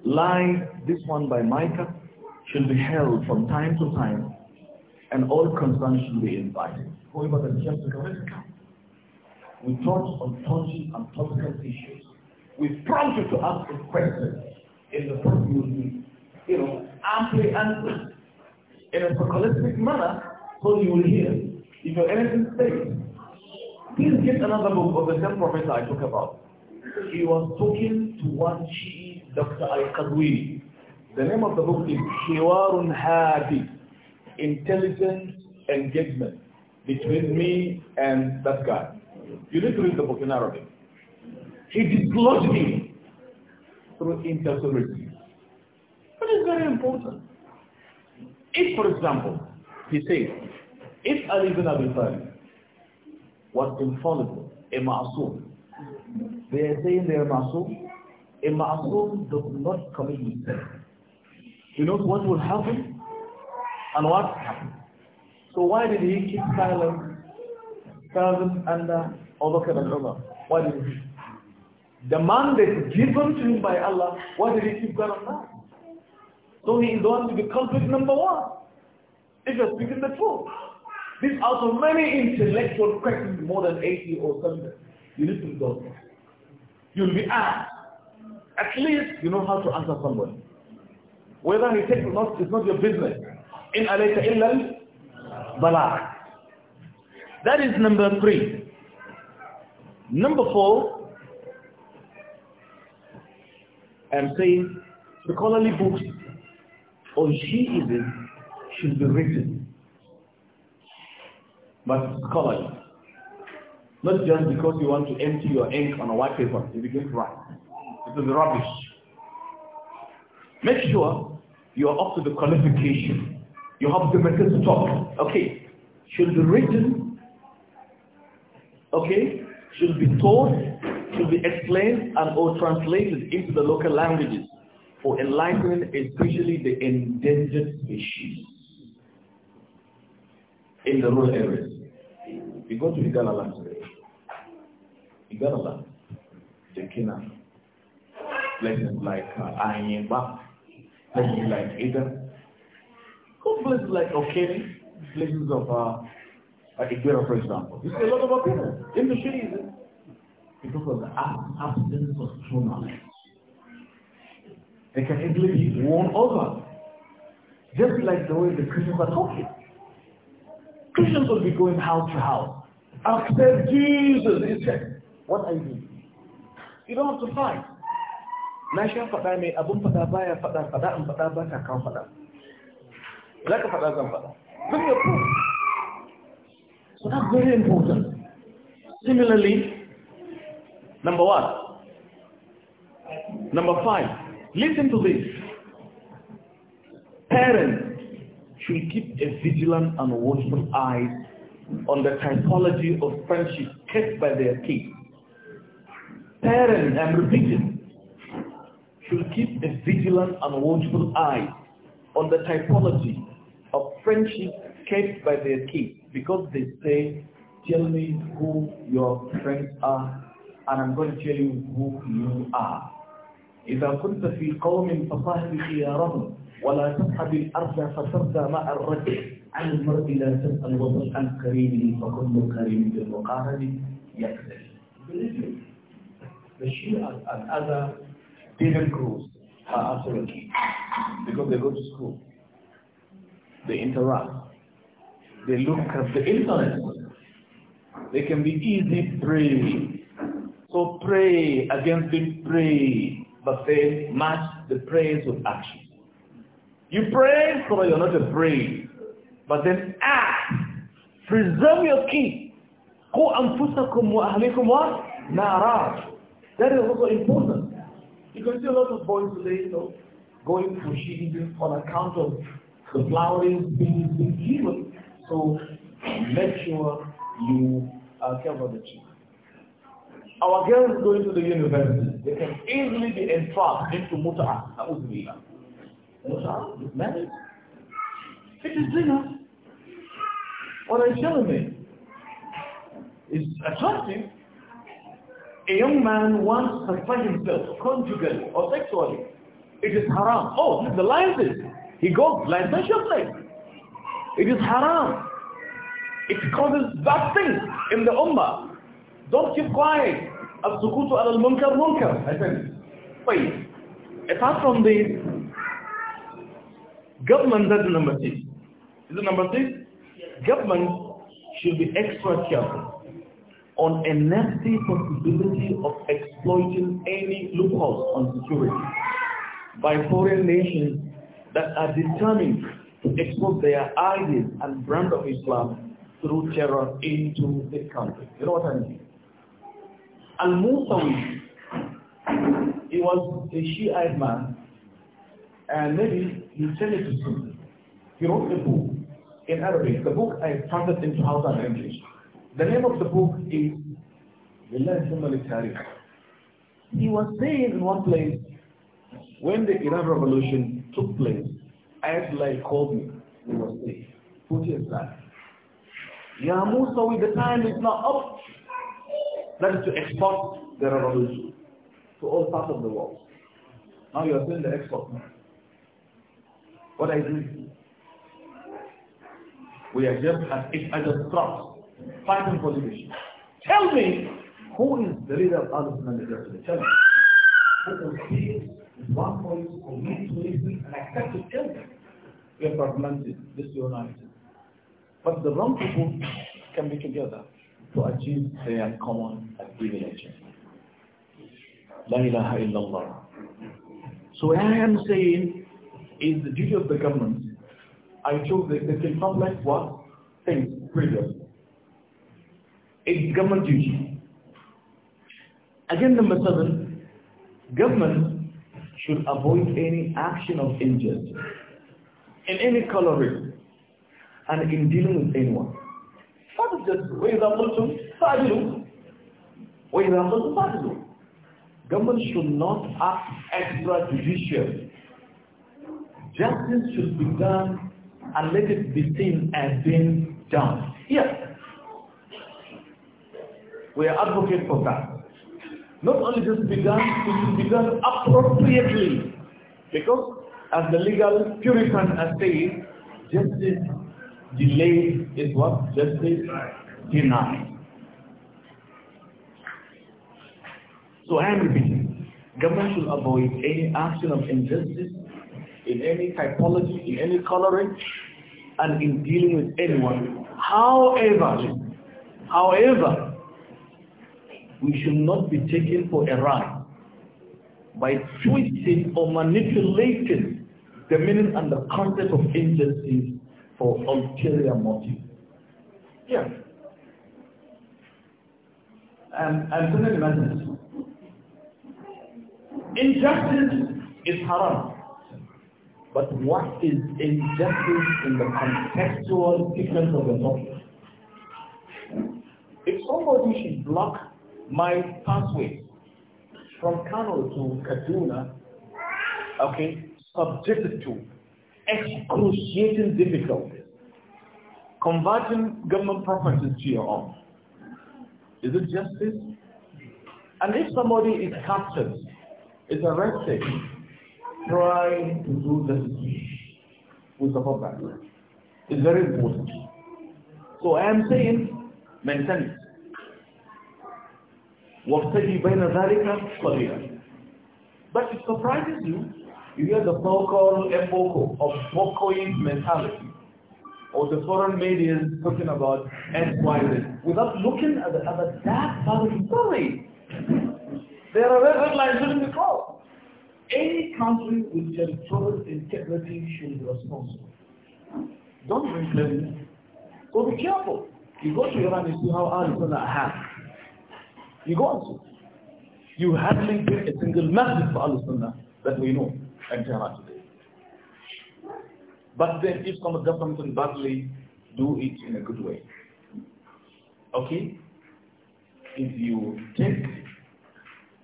like this one by Micah, should be held from time to time, and all concerned should be invited. Whoever just we touch on touching and topical issues. We prompt you to ask a question in the first you know, amply amplified in a scholastic manner so you will hear. If you're anything safe, please get another book of the same professor I talk about. He was talking to one Shi'i, Dr. Qadwi. The name of the book is Hiwarun Hadi, Intelligent Engagement Between Me and That Guy. You need to read the book in Arabic. He dislodged me through intercessory. That is very important. If, for example, he says, if Ali bin Abi Talib was infallible, a ma'asum, they are saying they are ma'asum, a ma'asum does not commit himself. You know what will happen? And what happened? So why did he keep silent, silent under Abu Bakr and Umar? Why did he? The mandate given to him by Allah, why did he keep silent? So he is the one to be culprit number one. If you're speaking the truth. this out of many intellectual questions, more than 80 or 70. You need to go. You'll be asked. At least you know how to answer someone. Whether he takes or not, it's not your business. In alayka illal balagh. That is number three. Number four, I'm saying scholarly books or even should be written but scholarly. Not just because you want to empty your ink on a white paper, you begin to write. It is rubbish. Make sure you are up to the qualification. You have the method to talk. Okay, should be written. Okay, should be taught, should be explained and or translated into the local languages for enlightening especially the endangered species in the rural areas. We go to Igala land today. Igala land, Jekina, places like uh, Ayemba, places like Ida, places like Okene, places of uh, uh for example. You see a lot of people in the cities because of the absence of true knowledge. They can easily be won over. Just like the way the Christians are talking. Christians will be going house to house. Accept Jesus. He said, what you doing? You don't have to fight. Na sha mai baya ba ta kan Za ka zan Bring your proof. So that's very important. Similarly, number one, number five, Listen to this. Parents should keep a vigilant and watchful eye on the typology of friendship kept by their kids. Parents, I'm repeating, should keep a vigilant and watchful eye on the typology of friendship kept by their kids because they say, tell me who your friends are and I'm going to tell you who you are. إذا كنت في قوم فصاحب خيارهم ولا تصحب الأرض فترضى مع الرجل عن المرء لا تسأل عن فكل كريم بالمقارن يكذب The Shia and other groups are because they go to school, they interact, they look at the internet, they can be easy prey. So pray against them, pray but faith match the praise with action. You pray, but you're not afraid. But then act. Preserve your key. قُوْ أَنفُسَكُمْ وَأَهْلِكُمْ وَنَارَاجُ That is also important. You can see a lot of boys today, you know, going to shehidin on account of the flowering being, given. So make sure you uh, care about the children. Our girls going to the university, they can easily be entrapped into mut'ah. Mut'ah is marriage. It is zina. What are you telling me? It's attractive. A young man wants to find himself conjugally or sexually. It is haram. Oh, he realizes. He goes licentiously. It is haram. It causes bad things in the ummah. Don't keep quiet. Al-sukutu al-munkar munkar. I said, wait. Apart from this, government, that's number six. Is it number six? Government should be extra careful on a nasty possibility of exploiting any loopholes on security by foreign nations that are determined to export their ideas and brand of Islam through terror into the country. You know what I mean? Al-Musawi, he was a Shiite man, and maybe he sent it to Sunni. He wrote a book in Arabic. The book I translated into Hausa and English. The name of the book is Billah He was saying in one place, when the Iran Revolution took place, Ayatollah called me. He was saying, put your aside. Ya Musawi, the time is not up. That is to export the revolution to all parts of the world. Now you are doing the export. What I do? We are just as if as a strong fighting for division. Tell me who is the leader of Al the Tell me. Who is one voice for me to listen I accept to tell me. We are fragmented, disunited. But the wrong people can be together to achieve their common privilege. La ilaha illallah. So what I am saying is the duty of the government. I chose the they can what? Things, previous. It's government duty. Again, number seven, government should avoid any action of injustice in any colorism and in dealing with anyone. That is وإذا قلتم فعلوا وإذا قلتم فعلوا Government should not act extrajudicial. Justice should be done and let it be seen as being done. Yes. We are advocate for that. Not only just be done, it should be done appropriately. Because as the legal puritan has said, justice Delay is what? Justice denied. So I am repeating. Government should avoid any action of injustice in any typology, in any coloring, and in dealing with anyone. However, however, we should not be taken for a ride by twisting or manipulating the meaning and the concept of injustice for ulterior motive. Yeah. And I'm going to imagine this. Injustice is haram. But what is injustice in the contextual difference of the topic? If somebody should block my pathway from Kano to Kaduna, okay, subjected to excruciating difficulties, converting government properties to your own. Is it justice? And if somebody is captured, is arrested, trying to do justice, we support that. It's very important. So I am saying, maintain it. وَابْتَجِي بَيْنَ ذَلِكَ صَلِيًا But it surprises you you hear the so-called epoko of Bokoist mentality or the foreign media is talking about XYZ without looking at the other dark part of the story. There are red lines in the cross. Any country with territorial integrity should be responsible. Don't bring blame. So be careful. You go to Iran and see how Al Sunnah acts. You go and see. You hardly build a single message for Al Sunnah that we know and today. But then if someone does something badly, do it in a good way. Okay? If you take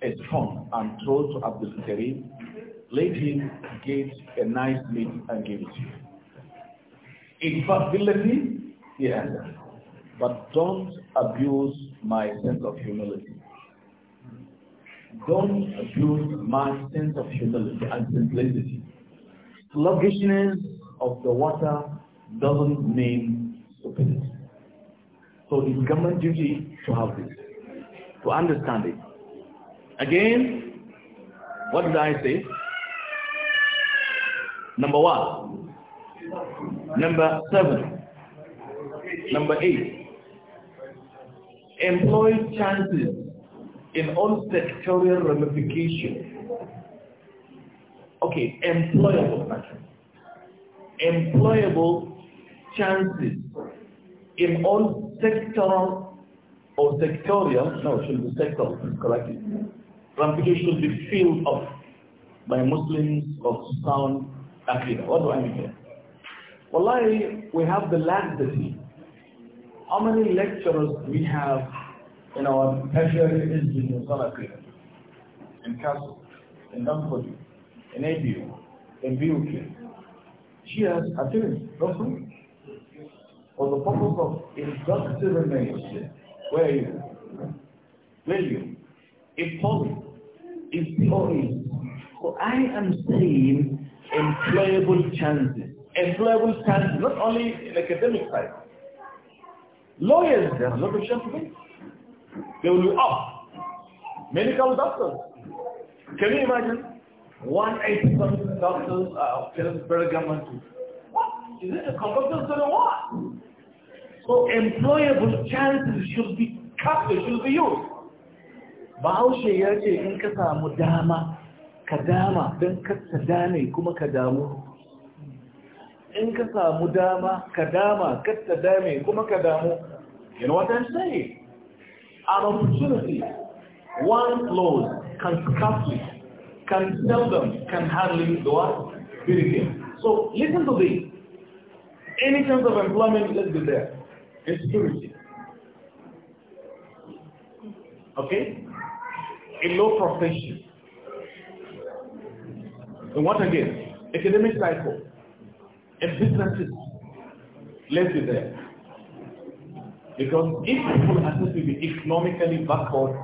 a stone and throw to Abdul Karim, let him get a nice meat and give it to you. In fact, he but don't abuse my sense of humility. Don't abuse my sense of humility and simplicity. Sluggishness of the water doesn't mean stupidity. So it's government duty to have this, to understand it. Again, what did I say? Number one, number seven, number eight, employ chances in all sectorial ramifications. Okay, employable Employable chances in all sectoral or sectorial, no, it should be sectoral, correct? Ramifications should be filled up by Muslims of sound Aqidah. What do I mean here? Wallahi, we have the laxity. How many lecturers we have in our tertiary institute in Conakry, in Castle, in Dunford, in ABU, in BUK. She has attained nothing for the purpose of inductive ministry. Where you? Where you? If Polly if POE, so I am seeing employable chances. Employable chances, not only in academic side. Lawyers, there's a lot of chances. They will be up. Medical doctors. Can you imagine? 180 something doctors are of Kenneth government what? Is it a compulsory or what? So employable chances should be cut they should be used. Bahaushe ya ce in ka samu dama, ka dama don kasta dame kuma ka damu. In ka samu dama, ka dama, kasta dame kuma ka damu. You know what I'm saying? an opportunity one loan can scarcely, can seldom, can hardly do what? So listen to this. Any chance of employment, let's be there. Insecurity. Okay? A low profession. And what again? Academic cycle. And business, Let's be there. Because if people are to be economically backward,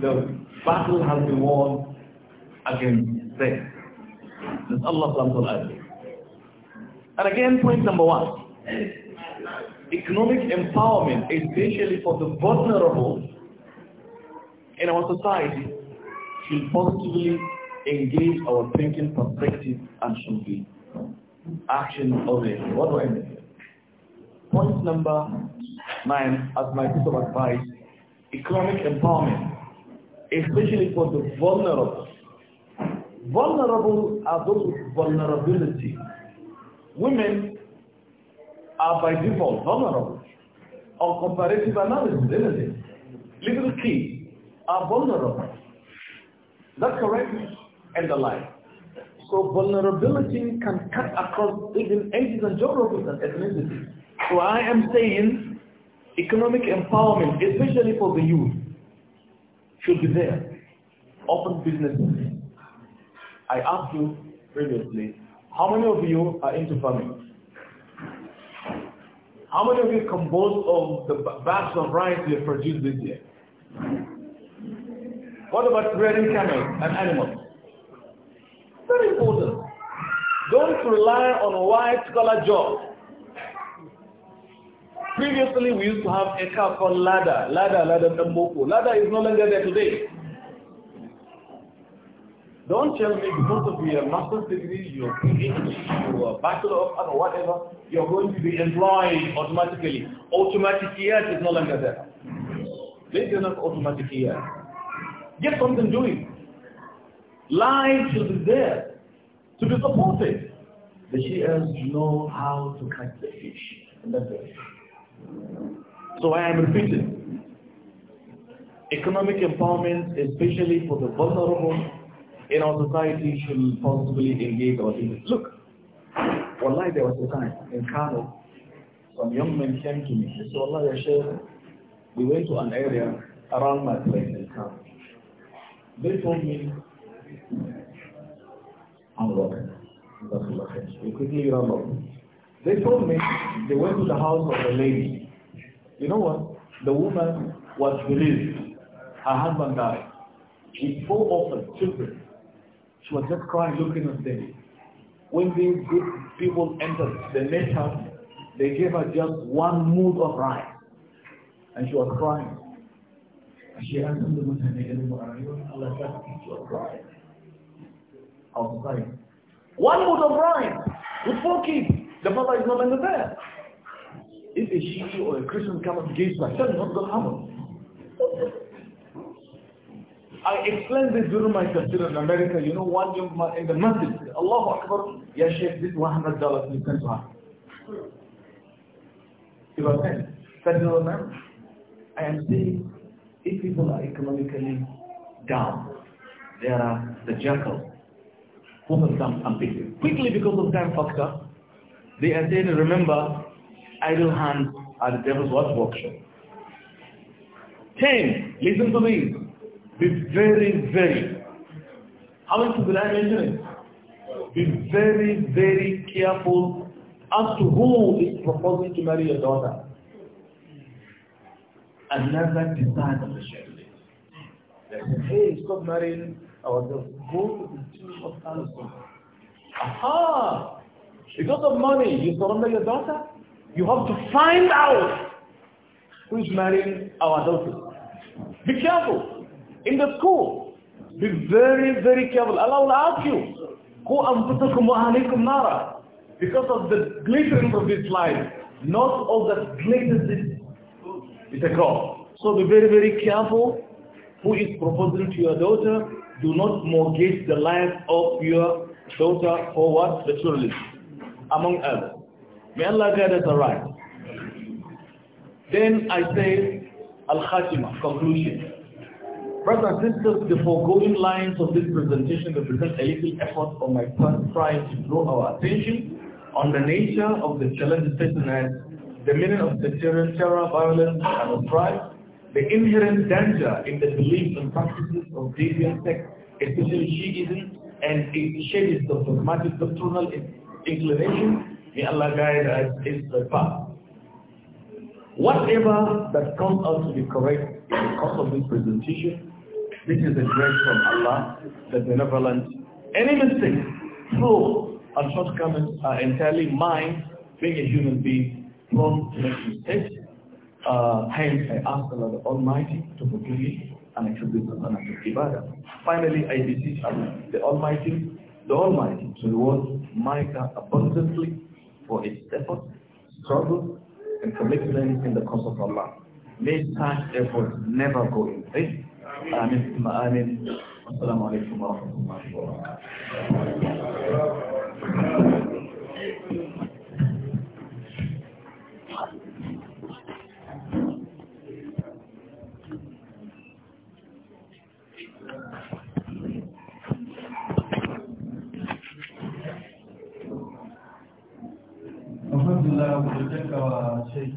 the battle has been won against them. That's Allah And again, point number one. Economic empowerment, especially for the vulnerable in our society, should positively engage our thinking perspective and should be action oriented. What do I mean? Point number nine, as my piece of advice, economic empowerment, especially for the vulnerable. Vulnerable are those with vulnerability. Women are by default vulnerable on comparative analysis, isn't it? Little kids are vulnerable. That's correct? And the like. So vulnerability can cut across even ages and geographies and ethnicities. So I am saying economic empowerment, especially for the youth, should be there. Open businesses. I asked you previously, how many of you are into farming? How many of you composed of the bags of rice you produced this year? What about breeding camels and animals? Very important. Don't rely on white collar jobs. Previously, we used to have a car called Lada, Lada, Lada Mboko. Lada is no longer there today. Don't tell me because of your master's degree, your PhD, your bachelor of or whatever, you're going to be employed automatically. Automatic years is no longer there. They not automatic years. Get something doing. Life should be there to be supported. The shears know how to catch the fish. And that's it. So I am repeating, economic empowerment, especially for the vulnerable in our society, should possibly engage our people. Look, one night there was a time in Kano, some young men came to me. They said, Allah, Ya Sheikh, we went to an area around my place in Kano. They told me, I'm locked. We quickly ran off. They told me they went to the house of a lady. You know what? The woman was bereaved. Her husband died. With four her children. She was just crying, looking at them. When these good people entered the next house, they gave her just one mood of rice. And she was crying. And she answered the Mutane Allah she was crying. I was crying. One mood of rice with four kids. The mother is no longer there. If a Shi'i or a Christian comes against my son, what's going to happen? I explained this during my tafsir in America. You know, one young man in the masjid said, Allahu Akbar, Ya Sheikh, this $100 you sent to her. He was saying, Federal man, I am saying, if people are economically down, there are the jackals who have come and Quickly because of time factor, they are saying, remember, idle hands are the devil's workshop. Ten, listen to me. Be very, very. How many people I it? Be very, very careful as to who is proposing to marry your daughter. Another desire of the sharing. Hey, stop marrying our daughter. Go to the tomb of Alison. Aha! Because of money, you surrender your daughter. You have to find out who is marrying our daughter. Be careful. In the school, be very, very careful. Allah will ask you, Who أَنْفُسَكُمْ وَأَهْلِكُمْ نَارًا Because of the glittering of this life, not all that glitters is, is a gold. So be very, very careful who is proposing to your daughter. Do not mortgage the life of your daughter for what? The among us. May Allah guide us aright. Then I say, Al-Khatima, conclusion. Brothers and sisters, the foregoing lines of this presentation represent a little effort on my part trying to draw our attention on the nature of the challenges facing us, the meaning of sectarian terror, violence, and strife, the inherent danger in the beliefs and practices of deviant sects, especially Shiism, and its shades of dogmatic doctrinal inclination, may Allah guide us in the path. Whatever that comes out to be correct in the course of this presentation, this is a grace from Allah, the benevolent. Any mistake, flaws, and shortcomings are uh, entirely mine, being a human being, prone to make mistakes. Uh, hence, I ask Allah the Almighty to forgive me and accept this as an act of ibadah. Finally, I beseech Allah, the Almighty, the Almighty to reward Micah abundantly for his efforts, struggle, and commitment in the cause of Allah. May such efforts never go in vain. Amen. Assalamu alaikum wa rahmatullahi wa barakatuh. 那我们这个去。